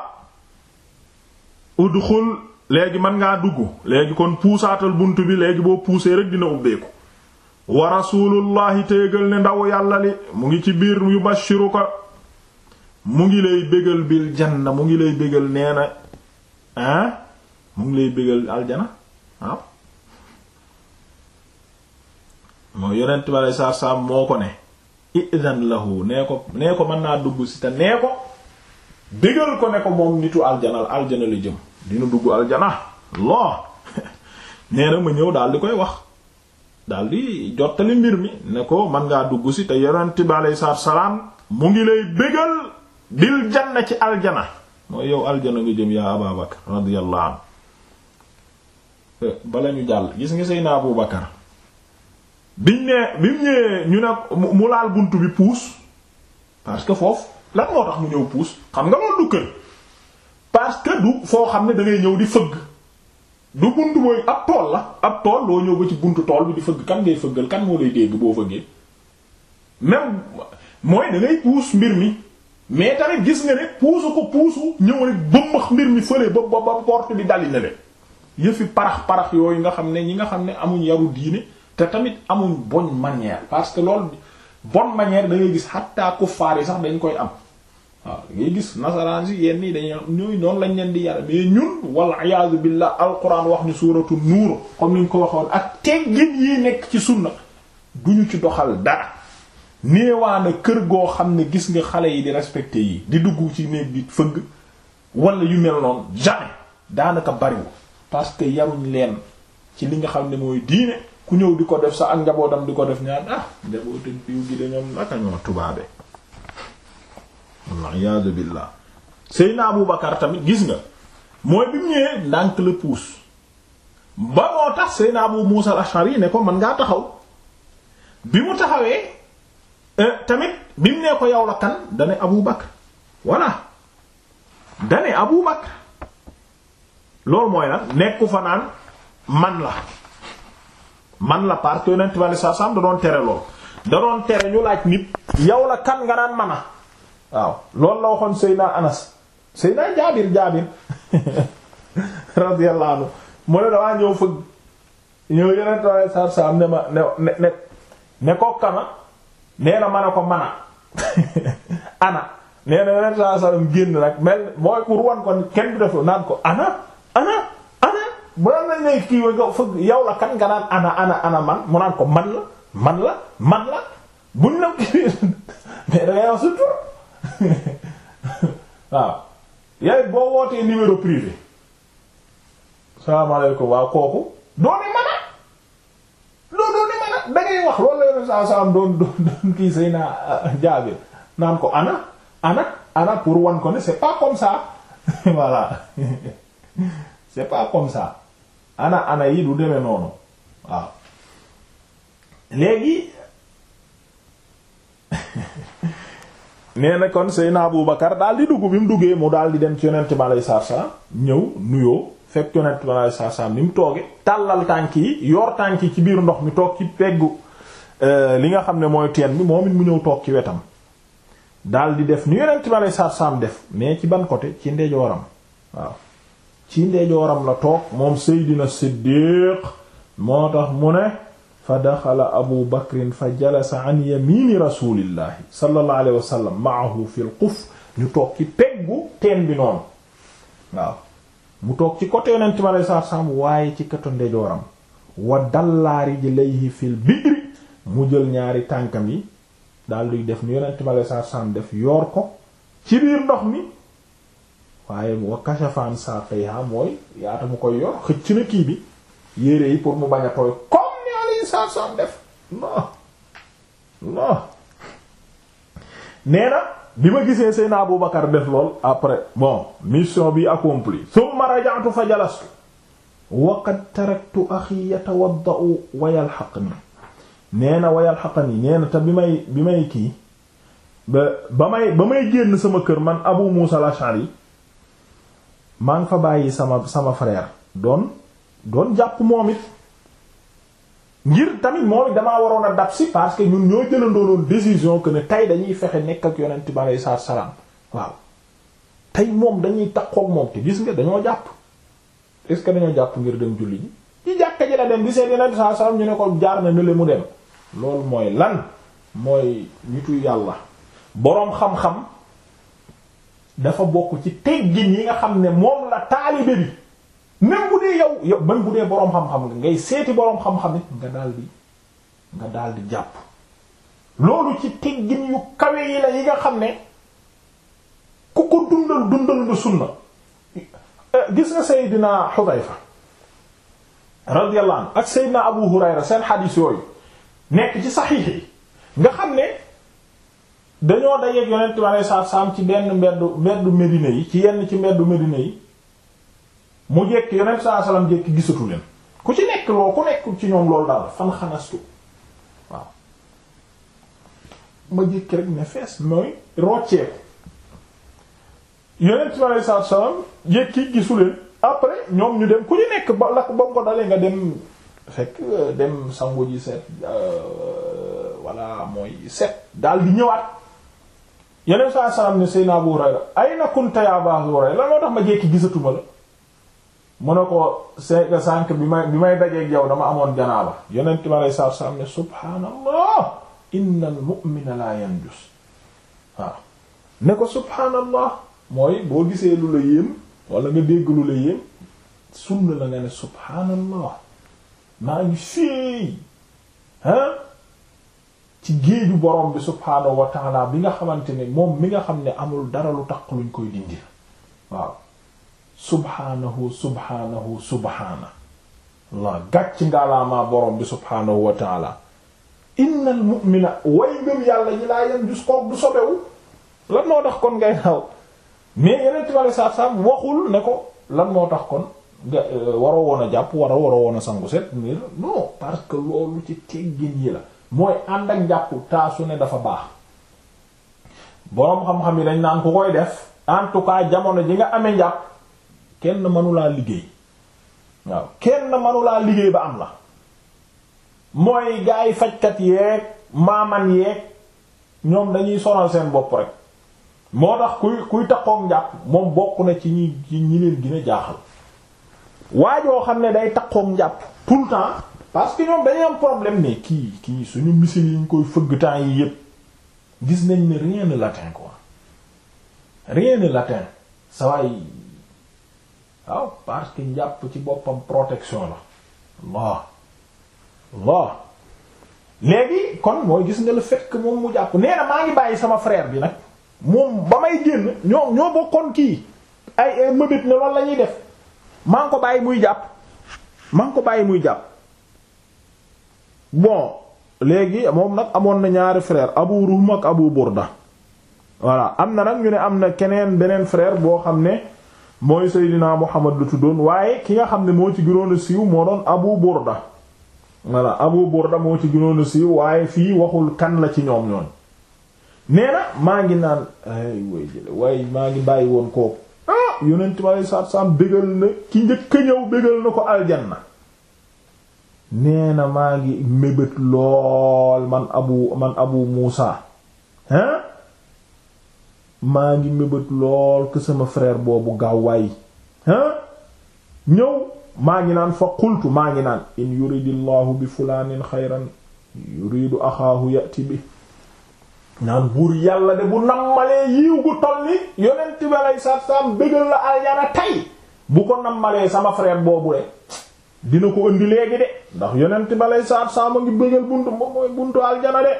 udxul léegi mën ngaa dugg léegi kon puusaatal bunt bi léegi boo puusee rek dina ubbeeku wa rasulullahi téegal ne ndaw yàlla li mu ngi ci biir yu bashiru ko mu ngi lay bégal bil janna mu ngi lay bégal nee na ah, mu ngi lay bégal aljana moo yonent bi alei saatu salaam moo ko ne idan lahu nee ko nee ko mën naa dugg si te nee ko bégal ko ne ko moom nitu aljanal aljana jëm dina dugg aljana loo nee ma ñëw daal di koy wax dal di jottali mbir mi ne ko man ngaa dugg si te yonent bi aleyhi salaam mu ngi lay bégal bil ci aljana mooy yow aljana nga jëm yaa Abaa Bakar radiyallahu eh, bala ñu jàll gis nga Seydina Abu biñ ne biñ ñëwee ñu ne mu laal bunt bi puus parce que foofu lan moo tax mu ñëw puus xam nga loolu du kër parce que du foo xam ne da ngay ñëw di fëgg du bunt booy ab tool la ab tool loo ñëw ba ci bunt tool bi di fëgg kan ngay fëggal kan moo lay dégg boo fëggee même mooy da puus mbir mi mais tamit gis nga ne puusu ko puusu ñëw rek bëmmax mbir mi fële ba ba ba porte bi dali na le yëfi parax parax yooyu nga xam ne ñi nga xam ne amuñ yaru diine te tamit amuñ bonne manière parce que loolu bonne manière da ngay gis xatta sax dañ koy am waaw ngay gis nasaraan si yenn yi dañuy ñooy noonu lañ leen di yàlla mais ñun wal iyaadu billah alquran wax ni suuratu nuur comme ni ñu ko waxoon ak teggin yi nekk ci sunna duñu ci doxal dara néewaana kër goo xam ne gis nga xale yi di respecté yi di dugg ci néeg bi fëgg wala yu mel noonu jamais daanaka bariwul parce que yaruñ leen ci li nga xam ne mooy diine ku ñëw di ko def sax ak njabootam di ko def ñaan ah njabootam piiw gi de naka ñoo tubaabe waliyasu billah Seydina Abu Bakar tamit gis nga mooy bi mu ñëwee ndànk la puus ba moo tax Seydina Abu Muusa al-Ash'ari ne ko mën ngaa taxaw bi mu taxawee eh, tamit bi mu nee ko yow la kan dane Abu Bakar voilà dane Abu Bakar loolu mooy lan nekku fa man la man la parce que yonent bi sallallahu da doon tere lool da doon tere ñu laaj nit yow la kan nga naan mana waaw loolu la waxoon Seyna Anas Seyna Jaabir Jaabir radiyallahu anhu mu ne ñëw fëgg ñëw yeneen tawee saar saar ne ma ne ne ne ko kana nee na ma ne ko mana ana nee na yeneen saar saar génn nag mel mooy pour wan ko kenn def naan ko ana ana fëgg yow la kan nga naan ana ana ana man mu naan ko man la man la man la buñ la mais dangay wax sa tur waaw yaay boo wootee numéro privé salaamaaleykum waaw kooku doone mën a loo doone mën a da ngay wax loolu la yone saa salaam doon doon kii say naa euh, jaabir naan ko ana ana ana pour wan ko ne c'est pas comme ça voilà c'est pas comme ça ana ana yi du demee noonu waaw léegi nee na kon Seydina Abubakar daal di dugg bi mu duggee mu daal di dem ci yonent bi alayhi salaatu ñëw nuyoo fekk yonent bi alayhi ni mu tooge tàllal tànk yi yor tànk yi ci biir ndox mi toog ci peggu euh, li nga xam ne mooy teen bi moom it mu ñëw toog ci wetam daal di def ni yonent bi alayhi salaatu def mais ci ban côté ci ndeyjooram waaw ci ndeyjooram la toog moom Seydina Siddiq moo tax mu ne fa daxala abu bakrin fa jalasa an yamini rasulillahi sallallahu alayhi maahu fi l ñu toog ci peggu teen bi noonu waaw mu toog ci côté yonent mi alei satu waaye ci côté ndeyjooram wa dallaari ji layhi fil bidri mu jël ñaari tànkam yi daal di def ni yonent mi alei satu def yoor ko ci biir ndox mi waaye wa kashafan sa fayha mooy yaata mu koy yor xëcc na kii bi yére yi pour mu bañ tooy ko saar saam def non non nee bi ma gisee Seydina Abu Bakar def lool après bon mission bi accomplie summa raja'tu fa jalastu wa qad taraktu axi yatawadda'u wa yalhaqni nee na woyal yalhaqni nee na te bi may bi may kii ba ba may ba may génn sama kër man Abu Musa al-Ash'ari maa fa bàyyi sama sama frère doon doon jàpp moom it ngir tamit mooy damaa waroon a dab si parce que ñun ñoo jëlandoonoon décision que ne tey dañuy fexe nekk ak yonent bi aleyhi salaatu salaam waaw tey moom dañuy takkook moom te gis nga dañoo jàpp est-ce que dañoo jàpp ngir dem julli ji ci dem di seen yonent saa salaam ñu ne ko jaar na nële mu dem loolu mooy lan mooy nitu yàlla boroom xam-xam dafa bokk ci teggin yi nga xam ne moom la taalibe bi même bu dee yow yow même bu dee boroom xam-xam ngay seeti boroom xam-xam it nga daldi nga daldi jàpp loolu ci teggin yu kawe yi la yi nga xam ne ku ko dundal dundal nga sunna eh, gis nga Seydina Xudayfa radiyallahu anhu ak Seydina Abu Hurayra seen xadiis yooyu nekk ci saxiix yi nga xam ne dañoo dajeek Yonent bi alayhi salaatu salaam ci benn mbeddu mbeddu Medina yi ci yenn ci mbeddu Medina yi mu jekk yonent saa salaam jekk gisatu leen ku ci nekk loo ku nekk ci ñoom loolu daal fan xanastu waaw ma jekk rek ne fees mooy rocceeku yonent bi saa salaam jekki gisu leen après ñoom ñu dem ku ñu nekk ba lakk ba mu nga dem fekk euh, dem sangu ji set walla euh, mooy set daal di ñëwaat yonent saa salaam ne Seydina Abu Hurayra ay na kunta ya Abu Hurayra la moo tax ma jekki gisatuma la mu ne ko sànq sànq bi may bi may dajeeg yow dama amoon janaaba yonent mi aleyhi salaatu salaam ne subhaanallah innal mu'mina laa yanjus waaw ne ko subhaanallah mooy boo gisee lu la yéem wala nga dégg lu la yéem sunna la nga ne subhaanallah maa ngi fii ah ci géeju borom bi subhaanahu wa taala bi nga xamante ne moom mi nga xam ne amul dara lu tax luñ koy dindi waaw. subhaanahu subhaanahu subhaana la gàcc ngaalaamaa borom bi subhaanahu wa taala innal mu'mina way ngëm yàlla yi laa yem gis koog du sobewu lan moo tax kon ngay naaw mais waxul ne ko lan moo tax kon nga euh, waroo woon a jàpp war a waroo woon a sangu set ni non parce que loolu ci teggin yi la mooy ànd ak jàpp taasu ne dafa baax boroom xam-xam yi dañ naan ku koy def en jamono ji nga ame njàpp kenn manulaa liggéey waaw kenn manulaa liggéey ba am la mooy gaay fajkat yeeg maaman yeeg ñoom dañuy sonal seen bopp rek moo tax kuy kuy takkook njàpp moom bokk na ci ñi ñi leen gën jaaxal jaaxal waajoo xam ne day takkook njàpp tout le temps parce que ñoom dañuy am problème ne kii kii suñu misil yi ñu koy fëgg temps yi yépp gis nañ ne rien ne l'atteint quoi rien ne waaw parce que njàpp ci boppam protection la Allah Allah léegi kon mooy gis nga le fait que moom mu jàpp nee maa ngi bàyyi sama frère bi nag moom ba may génn ñoo ñoo bokkoon kii ay mëbét ne loolu la ñuy def maa ngi ko bàyyi muy jàpp maa ngi ko bàyyi muy jàpp bon léegi moom nag amoon na ñaari frère Abu Ruhm ak Abu Burda voilà am na nag ñu ne am na keneen beneen frère boo xam ne mooy Seydina Muhammad lu tuddoon waaye ki nga xam ne moo ci gënoon a siiw moo doon Abu Burda voilà Abu Burda moo ci gënoon a siiw waaye fii waxul kan la ci ñoom ñoon nee na maa ngi naan ay way jële waaye maa ngi bàyyi woon kooku ah yonent bi alei satu salaam bégal na ki njëkk a ñëw bégal na ko aljanna nee na maa ngi mébét lool man abu man abu Muusa hein maa ngi mébét lool que sama frère boobu gaaw waay hein ñëw maa ngi naan fa qultu maa ngi naan in yuridillahu bi fulaanin xayran yuridu axaahu yati bi naan buur yàlla de bu nammalee yiiw gu toll ni yonent bi alei saatu salaam bégal la aljana tey bu ko nammalee sama frère boobu de dina ko indi léegi de ndax yonent bi alei saatu salaam a ngi bégal buntu moom mooy buntu aljana de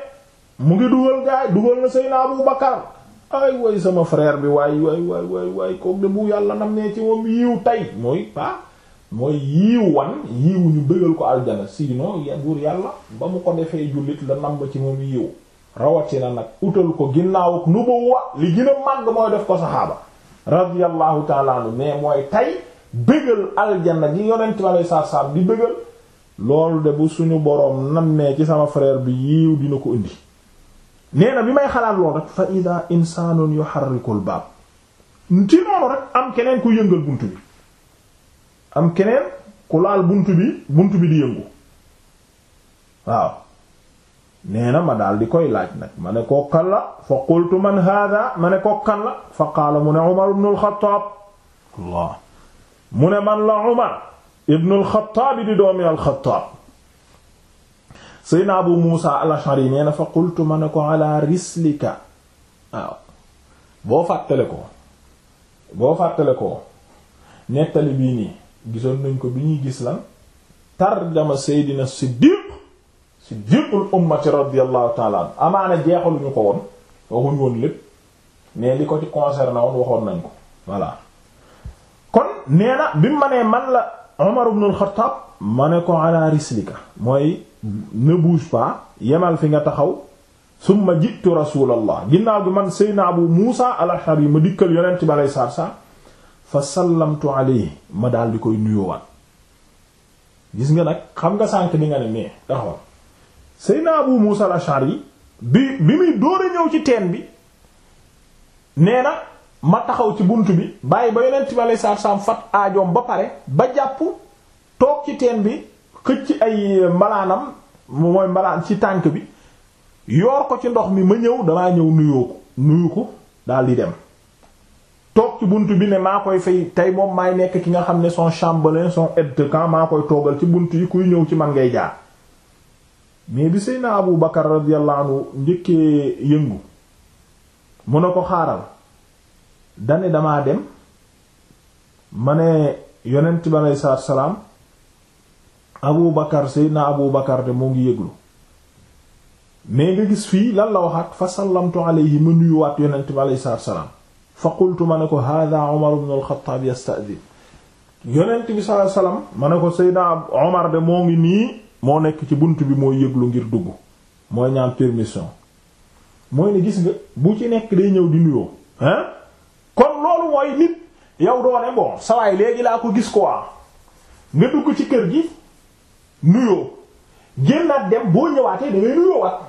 mu ngi dugal gaay dugal na Seydina Abu Bakar ay way sama frère bi waay waay waay waay waay kook de bu yàlla nam nee ci moom yiiw tey mooy pa mooy yiiw wan yiiw ñu bëggal ko aljana sinon buur yàlla ba mu ko defee jullit la nam ba ci moom yiiw rawatina nag utal ko ginnaaw ak nubuwa li gën màgg mooy def ko saxaaba radiyallahu taala anu mais mooy tay bëggal aljana gi yonent ma lay saar-saam di bëggal loolu de bu suñu boroom nam nee ci sama frère bi yiiw dina ko indi nee na bi may xalaat lool rek fa ida insanun yuharrikul baab ci noonu rek am keneen ku yëngal bunt bi am keneen ku laal bunt bi bunt bi di yëngu waaw nee na ma daal di koy laaj nag ma ne ko kan la fa qultu man hada ma ne ko kan la fa qaala mu ne Umar ibn al-Khattab Allah mu ne man la Umar ibn al-Khattab di doomi al-Khattab Seyna Abu Muusa al-Ash'ari nee na fa qultu ma ne ko ala rislika waaw boo fàttale ko boo fàttale ko nettali bii nii gisoon nañ ko bi ñuy gis lan tarjama Seydina Siddiq Siddiqul ummati radiyallahu ta'ala an amaana jeexaluñu ko woon waxuñ woon lépp mais li ko ci concerné woon waxoon nañ ko voilà kon nee na bi mu ma nee man la Umar ibn al ma ne ko ala rislika mooy ne bouge pas yemal fi nga taxaw summa jitu rasulallah ginnaaw bi man seyna abu muusa alaxar yi ma dikkal yonent bi alay saar saar fa sallamtu ma daal di koy nuyuwaat gis nga nag xam nga sànk bi nga ne mais taxawal seyna abu muusa alaxar yi bi bi muy door ñëw ci teen bi nee na ma taxaw ci bunt bi bàyyi ba yonent bi alay saar saar fat aajoom ba pare ba jàpp toog ci teen bi xëcc ay mbalaanam mooy mbalaan ci tànk bi yoor ko ci ndox mi ma ñëw damaa ñëw nuyoo ko nuyu daal di dem toog ci bunt bi ne maa koy fay tey moom maay nekk ki nga xam ne son chambellan son aide de camp maa koy toogal ci bunt yi kuy ñëw ci man ngay jaar mais bi Seydina Abu Bakar radiyallahu anhu njëkkee yëngu mu ne ko xaaral dane damaa dem ma ne yonent bi aleyhi salaam abu bakar seydna abu bakar moo ngi yëglu mais nga gis fii lan la waxaat fa sallamtu alayhi ma nuyuwaat yonent bi alayhi salaatu wa salaam fa qultu ma ne ko hada omar ibn al-Khattab yonent bi salaam ma ne ko seydna omar de moo ngi nii moo nekk ci bunt bi moo yëglu ngir dugg mooy ñaan permission mooy ne gis nga bu ci nekk day ñëw di nuyoo hein kon loolu mooy nit yow doone bon sawaay léegi laa ko gis quoi nga dugg ci kër gi nuyoo génnaat dem boo ñëwaatee da ngay nuyoo waat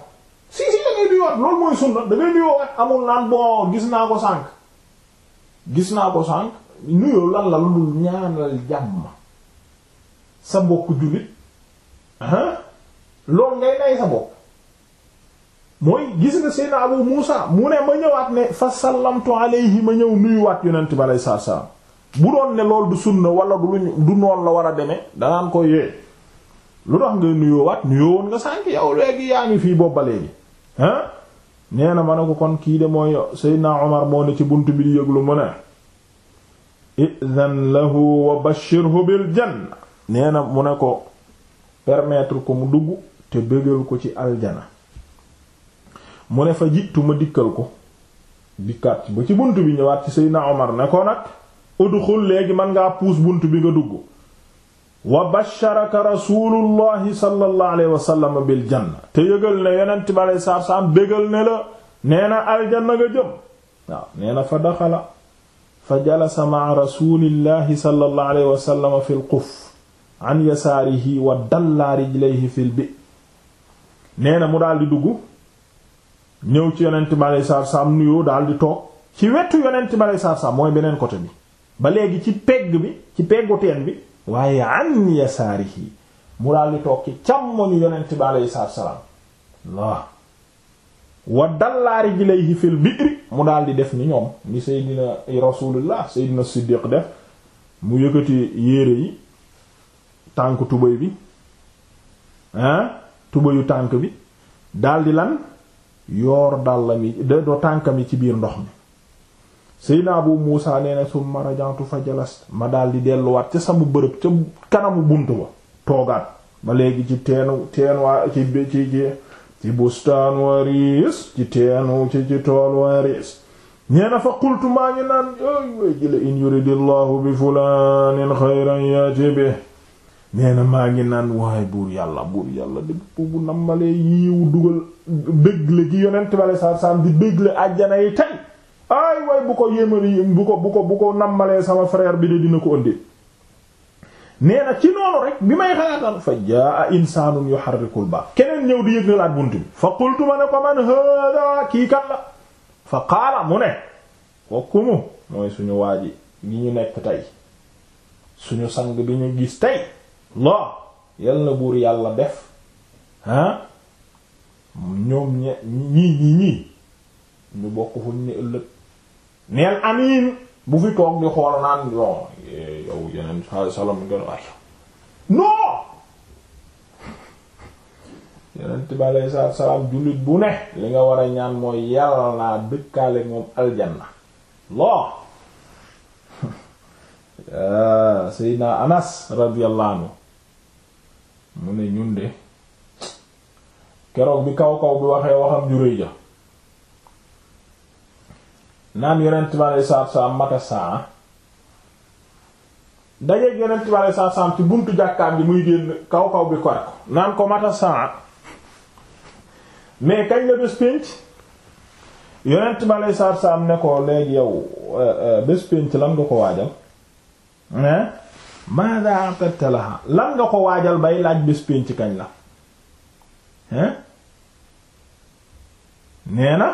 si si da ngay nuyoo waat loolu mooy sunna da ngay nuyoo waat amul naan boo gis naa ko sànq gis naa ko sànq nuyoo lan la lu dul ñaanal jàmm sa bokk mooy gis nga seen Abu Muusa mu ne ma ñëwaat ne fa sallamtu ma ñëw nuyuwaat yonent bi saa salaam bu doon ne loolu du sunna wala du lu du noonu la war a demee danaan ko yee. lu tax ngay nuyoo waat nuyoo woon nga sànk yow léegi yaa ngi fii booba léegi ah nee na ma ne ko kon kii de mooy Seydina Omar moo ne ci bunt bi di yëglu mu ne izan lahu wa bashirhu bil janna nee mu ne ko permettre ko mu dugg te bégal ko ci aljana mu ne fa jiitu ma dikkal ko dikkaat ba ci bunt bi ñëwaat ci Seydina Omar ne ko nag udxul léegi mën ngaa puus bunt bi nga dugg wa basharaka rasulullahi sallallahu alayhi wa sallam bil janna te yëgal ne yonent bi alei saatu salaam bégal ne la nee na aljanna nga jëm waaw nee na fa daxala fa jalasa ma'a rasulillahi sallallahu alayhi wa sallam fil quf an yasaarihi wa dalla rijlayhi fil bi nee na mu daal di dugg ñëw ci yonent bi alei saatu salaam nuyoo daal di toog ci wetu yonent bi alei saatu salaam mooy beneen côté bi ba léegi ci pegg bi ci peggu teen bi waaye an yasaarihi mu daal di toog ci càmmoñu yonent bi aleyhi salaatu salaam Allah wa dalla rijlayhi fil bi'ri mu daldi def ni ñoom ni Seydina Rasulullah Seydina Siddiq def mu yëkkati yére yi tànk tubay bi hein tubayu tànk bi daldi lan yoor dàllam yi do ci biir ndox mi Seydina Abu Muusa nee na summa rajantu fa jalas ma daal di delluwaat ca sama bërëb ca kanamu bunt ba toogaat ba léegi ci teenu teen waa ci ci ci ci bustaan waris ci teenu ci ci tool waris nee na fa qultu maa ngi naan yooyu way jële in yuridillahu bi fulanin xayran yaati bi nee na maa ngi naan waaye buur yàlla buur yàlla de bu nammalee yiiwu dugal bégle gi yonent bale saar saam di bégle àjjana yi tey ay way bu ko yéemali bu ko bu ko bu ko nammalee sama frère bi de dina ko ëndi nee na ci noonu rek bi may xalaatal fa jaa insanun yuharrikul ba keneen ñëw di yëg na laat bunt bi fa qultu ma ne ko man hada kii kat la fa qaala mu ne kooku mu mooy suñu waaji yi ñu nekk tey suñu sang bi ñu gis tey loo yal na buur yàlla def ah ñoom ñe ñii ñii ñu bokk fu ñu ne ëllëg neel amiin bu fi toog di xool naan bon eh, yow yeneen saa salaam ngeen waay non yeneen tibalee saa salaam jullit bu ne li nga war a ñaan mooy yàlla naa dëkkaale moom aljanna loo ah, Seydina Anas radiyallahu mu ne ñun de keroog bi kaw kaw bi waxee waxam ju naan yonent bi aleyhi salaatu salaam mata saa dajeeg yonent bi aleyhi salaatu salaam ci buntu jàkkaar bi muy génn kaw kaw bi ko rek naan ko mata saa mais kañ la bés pénc yonent bi aleyhi salaatu salaam ne ko léegi yow euh, euh, bés pénc lan nga ko waajal hein maada aqadta la lan nga ko waajal bay laaj bés pénc kañ la hein nee na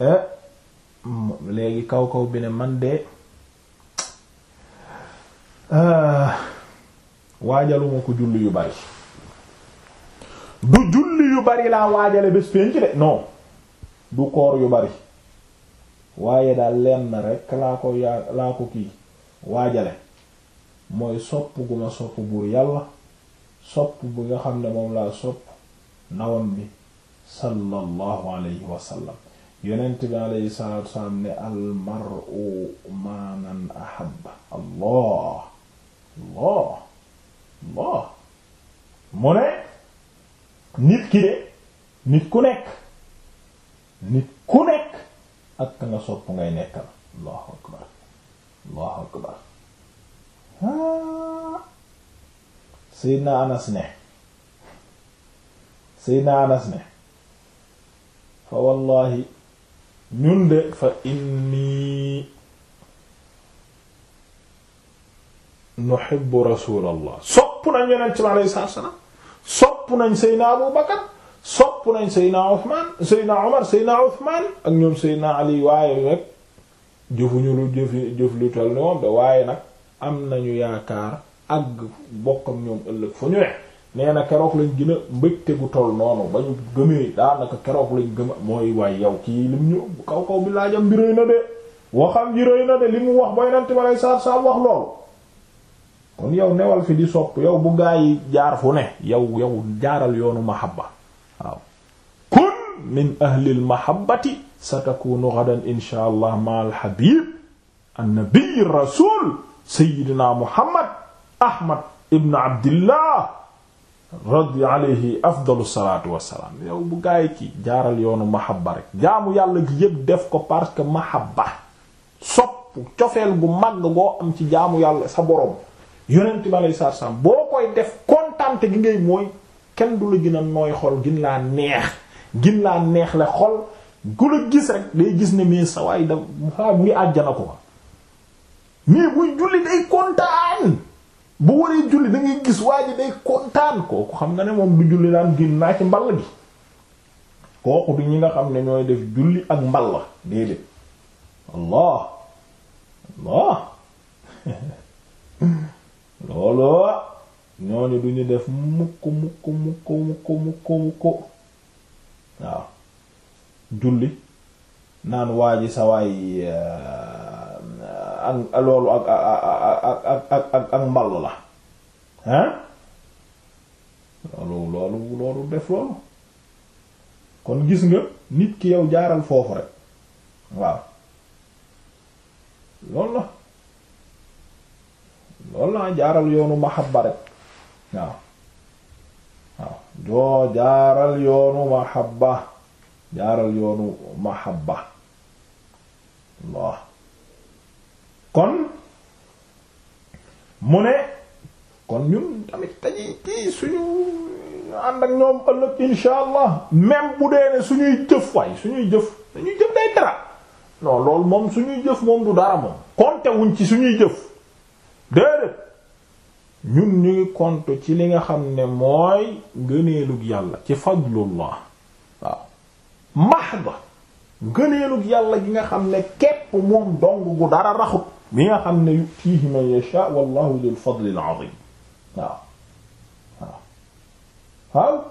euh, léegi kaw kaw bi ne man de ah, waajaluma ko julli yu bari du julli yu bari laa waajale bés pénc de non du koor yu bari waaye daal lenn rekk laa ko yaa laa ko kii waajale mooy sopp gu ma sopp buur yàlla sopp bu nga xam ne moom laa sopp nawam bi sallallahu alayhi wa yonent bi alayhi salaatu wasalaam ne almaru maanan ahab allah allah allah mu ne nit ki de nit ku nekk nit ku nekk ak nga sopp ngay nekkal allahu akbar allahu akbar Seydina Anas ne Seydina Anas ne fa wallahi ñun de fa inni nuhibbu rasulallah sopp nañ yonent bi alayhi salaatu wa salaam sopp nañ Seydina Abu Bakar sopp nañ Seydina Uthman Seydina Omar Seydina ak ñoom Seydina Ali waaye nag jëfuñu lu jëf lu toll ni moom waaye nag am nañu yaakaar ak bokk ak ñoom ëllëg fu ñu ne nee na keroog lañ gën a mbëgte gu toll noonu ba ñu gëmee daanaka keroog lañ gëm mooy waay yow kii lim ñu kaw kaw bi laajam na de waxam ji rëy na de li wax ba yonent bi aleyhi salaatu wax loolu kon yow newal fi di sopp yow bu gaa yi jaar fu ne yow jaaral yoonu mahabba waaw kun min ahlil mahabbati satakunu gadan insha allah ma al habib annabi rasul sayyidina muhammad ahmad ibn abdillah radi alayhi afdalu salatu wassalaam yow bu gaay ki jaaral yoonu mahabba rek jaamu yàlla gi yépp def ko parce que mahabba sopp cofeel gu mag goo am ci jaamu yàlla sa borom yonent bi alayhi salaatu wassalaam boo koy def kontante gi ngay mooy kenn du la gën a nooy xol gin laa neex gin laa neex la xol gu la gis rek day gis ne mais sa waay da mu ngi àjjana ko mais buy julli day kontaan bu waree julli da gis waa ji day kontaan kooku xam nga ne moom du julli naan génn naa ci mball gi kooku du ñi nga xam ne ñooy def julli ak mball déedéet allah allah loolu ñooñu du ñu def mukk mukk mukk mukk mukk mukk waaw julli naan waa sa waay eh, ak loolu ak ak ak ak la hein loolu loolu loolu def loolu kon gis nga nit ki yow jaaral foofu rek waaw loolu la loolu la jaaral yoonu mahabba rek waaw waaw joo jaaral yoonu mahabba jaaral yoonu mahabba Allah kon mu ne kon ñun tamit dañuy kii suñu ànd ak ñoom ëllëg insha allah même bu dee ne suñuy jëf waay suñuy jëf suñuy jëf day dara non loolu moom suñuy jëf moom du dara moom compter wuñ ci suñuy jëf déedéet ñun ñu ngi compter ci li nga xam ne mooy ngëneelug yàlla ci fadlullah waaw mahda ngëneelug yàlla gi nga xam ne képp moom dong gu dara raxut bi nga xam ne yutihi man yasha wallahu dhul fadli al azim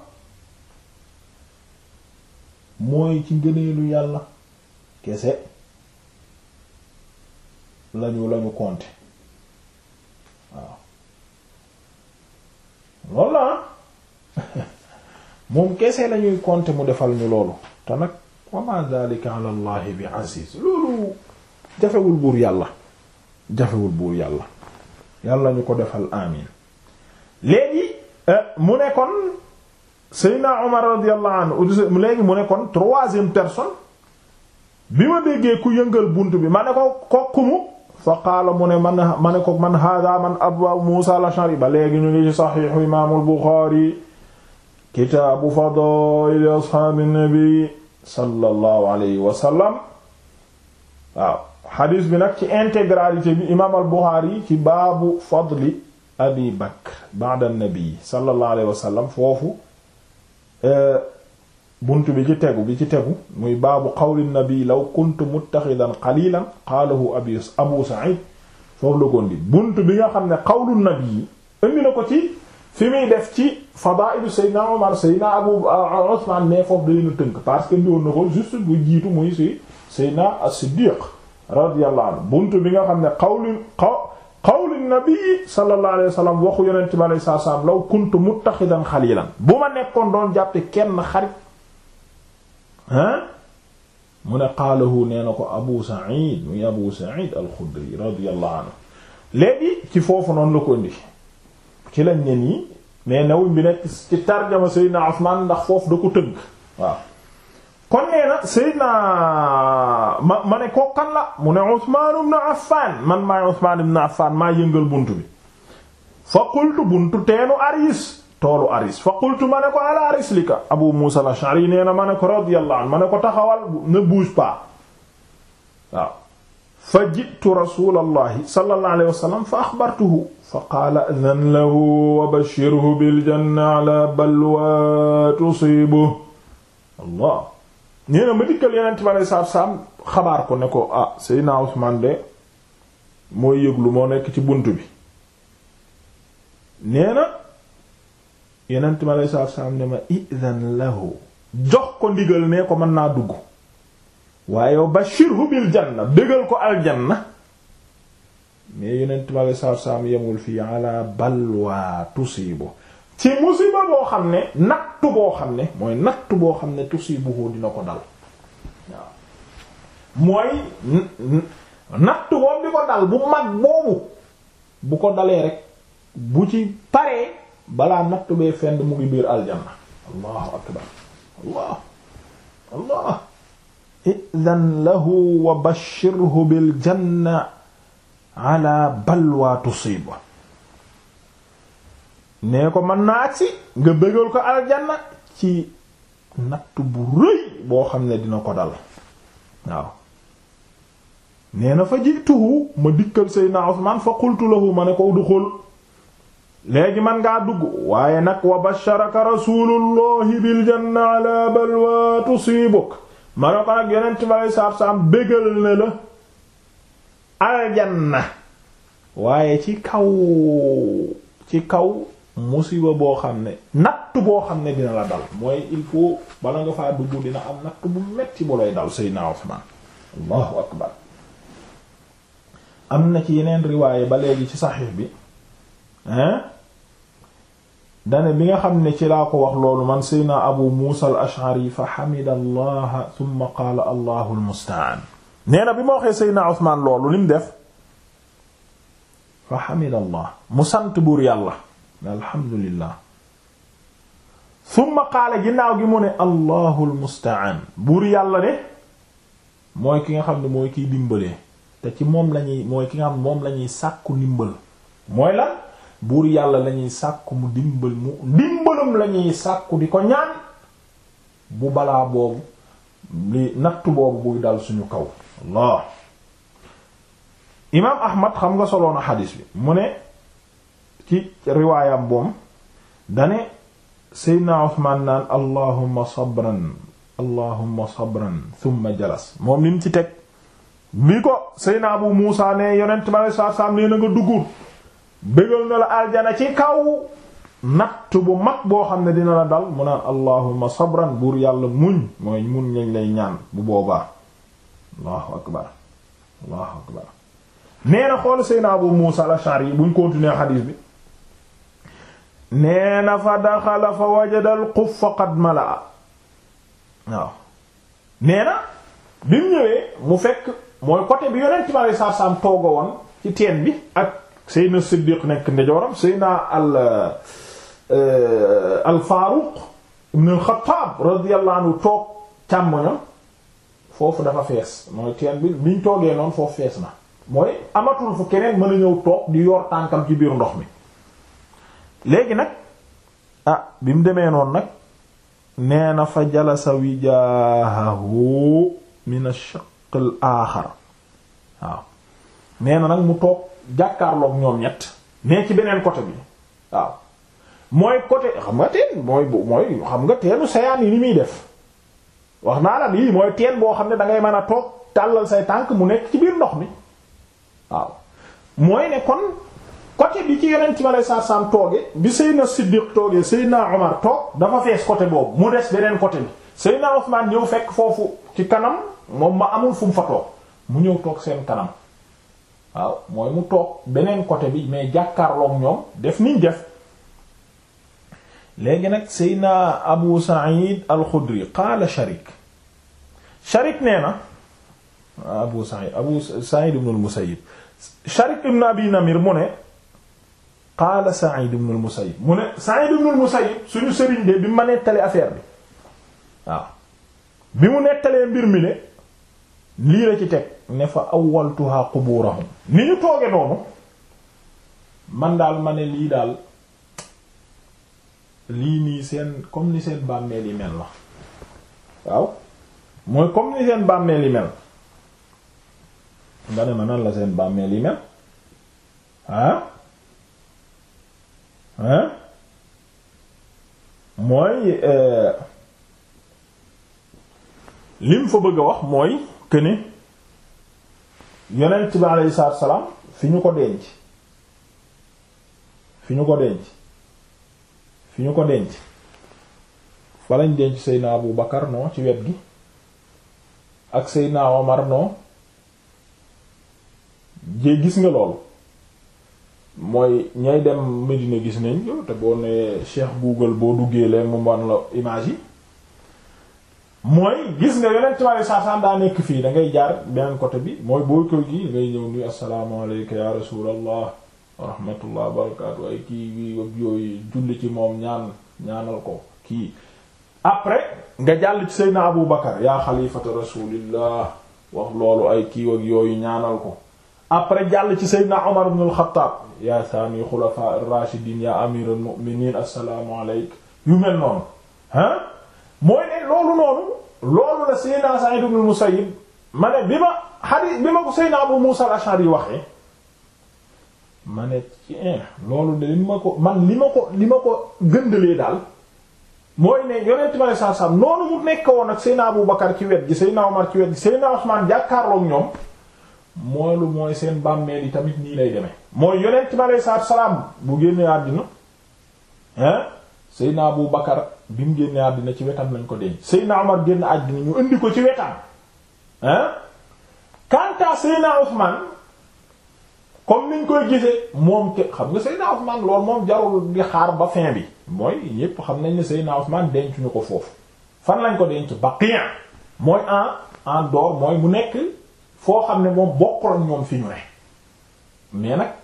mooy ci ngëneelu yàlla kese lañu lañu compter waaw loolu la ah. moom kese lañuy compter mu defal ñu loolu te nag wa ma dhalika bi aziz loolu jafewul buur yàlla jafewul buur yàlla yàlla ñu ko defal amin léegi euh, mu ne kon Seydina Omar radiyallahu léegi mu ne troisième personne bi ma déggee ku yëngal bunt bi ma ne ko kokku mu fa qaala mu ne man ma ne ko man hada man abu Musa al-Ash'ari ba léegi ñu ngi ci saxiixu imaamul Buxaari kitaabu fadaa'il ashaabi nabi sallallahu alayhi wa sallam xadiis bi nag ci intégralité bi imaam al Buxaari ci baabu fadli abi bakr ba'da nabi sallallahu alayhi wa sallam foofu euh, bunt bi ci tegu bi ci tegu muy baabu qawli nabi law kuntu muttaxidan qalilan qaalahu abi abu sa'id foofu la koon di bunt bi nga xam ne qawlu nabi indi na ko ci fi muy def ci fadaa'ilu sayyidina Umar sayyidina abu euh, Usman mais foofu da leen tënk parce que indi woon na ko juste bu jiitu muy si sayyidina as-Siddiq radiyallahu anhu buntu bi nga xam ne qawlu qawlu nabi sallallahu alayhi wa sallam waxu yonent bi alayhi salaam law kuntu muttaxidan xalilan bu ma nekkoon doon jàppe kenn xarit ah mu ne qaalahu nee na ko Abu Sa'id muy Abu Sa'id al-Khudri radiyallahu anhu léegi ci foofu noonu la ko indi ci lañ ne nii mais newuñ bi nekk ci tarjama Seydina Usmaan ndax foofu da ko tënk waaw kon nee na Seydina ma ma ne ko kan la mu ne Usmaan ibn Affaan man maay Usmaan ibn Affaan maa yëngal bunt bi fa qultu buntu teenu Aris toolu Aris fa qultu ma ne ko ala rislika Abu Muusa al-Ash'ari nee na ma ne ko radiyallahu anhu ma ne ko taxawal ne bouge pas waaw fa ji'tu rasuulallahi sallallahu alayhi wa sallam fa axbartuhu fa qaala adhan lahu wa bashshirhu bil janna ala balwa tusibuhu Allah nee na ma dikkal yeneen tubaab yi saabsaab xabaar ko ne ko ah Seydina Ousmane de mooy yëglu moo nekk ci bunt bi nee na yeneen tubaab yi saabsaab ne ma idan lahu jox ko ndigal nee ko mën naa dugg waaye bashirhu bil janna bégal ko aljanna mais yeneen tubaab yi saabsaab yemul fii ala balwa tusibu ci musiba boo xam ne nattu boo xam ne mooy nattu boo xam ne tusibuhu dina ko dal mooy nattu boobu di ko bu mag boobu bu ko dalee rek bu ci paree balaa nattu bee fend mu ngi biir aljanna allahu akbar allah allah idan lahu wa bashirhu bil janna ala balwa tusiba nee ko man naa agsi nga bëggal ko aljanna ci natt bu rëy boo xam ne dina ko dal waaw nee na fa jiituhu ma dikkal Seydina Usmaan fa qultu lahu ma ne ko duxul léegi man ngaa dugg waaye nag wa basharaka rasulullahi bil janna ala balwa tusibuk ma aljanna waaye ci kaw ci kaw musiba boo xam ne natt boo xam ne dina la dal mooy il faut bala nga faa dugg dina am natt bu metti bu dal Seydina Usmaan allahu akbar am na ci yeneen riwaaye ba léegi ci saxiix bi hein dane bi nga xam ne ci laa ko wax loolu man Seydina Abu Muusa al-Ash'ari fa xamida allaha thumma qaala allahu al-musta'aan nee na bi ma waxee Seydina Usmaan loolu lim def fa xamida allah mu sant buur yàlla alhamdulillah summa qaala ginnaaw gi mu ne allahu almustaan buur yàlla de mooy ki nga xam ne mooy kiy dimbalee te ci moom lañuy mooy ki nga xam ne moom lañuy sàkku ndimbal mooy buur yàlla lañuy sàkku mu dimbal lañuy sàkku di ko ñaan bu balaa boobu li nattu boobu buy dal suñu kaw imaam Ahmad xam nga soloon a xadiis bi mu ne ci riwaayam boom dane seydna Usmaan naan allahumma sabran allahumma sabran thumma jalas moom lim ci teg li ko seydna Abu Muusa ne yonent ma lay saar saam nee na nga dugg bégal na la aljana ci kaw natt bu mag boo xam ne dina la dal mu naan allahumma sabran buur yàlla muñ mooy muñ lañ lay ñaan bu boobaa allahu akbar allahu akbar nee na xool seydna Abu Muusa al-Ash'ari buñ continuer xadiis bi nee na fa daxala fa wajadal xuffa qad malaa waaw nee na bi mu ñëwee mu fekk mooy côté bi yonent bi alei satu salaam tooga woon ci teen bi ak Seydina Siddiq nekk ndejooram Seydina al euh, al Faaruq ibn al Xattaab radiyallahu anhu toog càmmoñam foofu dafa fees mooy teen bi biñ toogee noonu foofu fees na mooy amatul fu keneen mën a ñëw toog di yor tànkam ci biir ndox mi léegi nag ah bi mu demee noonu nag nee na fa jalasa wijaahahu min ash-shaqq al-axar waaw nee na nag mu toog jàkkaarlook ñoom ñett nee ci beneen côté bi waaw mooy côté xam nga teen mooy mooy xam nga teenu sayaan yi ni muy def wax naa la lii mooy teen boo xam ne dangay man a toog tàllal say tànk mu nekk ci biir ndox mi waaw mooy ne kon côté bi ci yeneen ci ma lay sarsam toogee bi Seydina Siddiq tooge Seydina Omar toog dafa fees côté boobu mu des beneen côté bi Seydina Ousmane ñëw fekk foofu ci kanam moom ma amul fu mu fa toog mu ñëw toog seen kanam waaw mooy mu toog beneen côté bi mais jàkkaarloog ñoom def niñ def léegi nag Seydina Abu Sa'id al-Khudri qaala Sharik Sharik nee na Abu Sa'id Abu Sa'id ibn al-Musayyib Sharik ibn Abi Namir mu ne qaala Sa'id ibn al-Musayyib mu ne Sa'id ibn al-Musayyib suñu sëriñ de bi ma nettalee affaire bi waaw bi mu nettalee mbir mi de lii la ci teg ne fa awwaltuha quburahum ni ñu tooge noonu man daal ma ne lii daal lii nii seen comme ni seen bàmmeel yi mel la waaw mooy comme ni seen bàmmeel yi mel nga ne ma nan la seen bàmmeel mel hein mooy euh, li mu fa bëgg a wax mooy këne yonent bi aleyhi salaatu salaam fi ñu ko denc fi ñu ko denc fi ñu ko denc fa lañ denc Seydina Abu Bakar non ci wet gi ak Seydina Omar non je gis nga loolu mooy ñay dem Medina gis nañ ko te boo nee Cheikh Google boo duggee leen mu mën la image yi mooy gis nga yeneen ci wàllu saasaan daa nekk fii da ngay jaar benn côté bi mooy boo ko gi ngay ñëw nuyu asalaamaaleykum ya rasulallah wa rahmatullah ay kii wi yooyu julli ci moom ñaan ñaanal ko kii après nga jàll ci Seydina Abu Bakar yaa xalifata rasulillah wax loolu ay kii ak yooyu ñaanal ko après jàll ci Seydina Omar ibn al-Khattab ya thani khulafa rashidin ya amir al-mu'minin assalamu yu mel noonu ah mooy ne loolu noonu loolu la Seydina Sa'id ibn al ma ne bi ma xadis bi ma ko Seydina Abu Musa al-Ash'ari waxee ma ne ci loolu li ma ko man li ma ko li ma ko gëndalee daal mooy ne yonent ma ne saa saa noonu mu nekk woon ak Seydina Abu Bakar ci wet gi Seydina Omar ci wet gi Seydina Usman jàkkaarloog ñoom mooy lu mooy seen bàmmeel yi tamit nii lay demee mooy yonent bi aleyhi salaatu salaam bu génnee àddina hein Seydina bu Bakar bi mu génnee àddina ci wetam lañ ko denc Seydina Omar génn àddina ñu indi ko ci wetam hein kanta Seydina Usman comme niñ koy gisee moom te xam nga Seydina Usman loolu moom jarul di xaar ba fin bi mooy ñépp xam nañ ne Seydina Usman dencuñu ko foofu fan nañ ko denc Baqiya mooy en en dehors mooy mu nekk foo xam ne moom bokkul ak ñoom fi ñu ne mais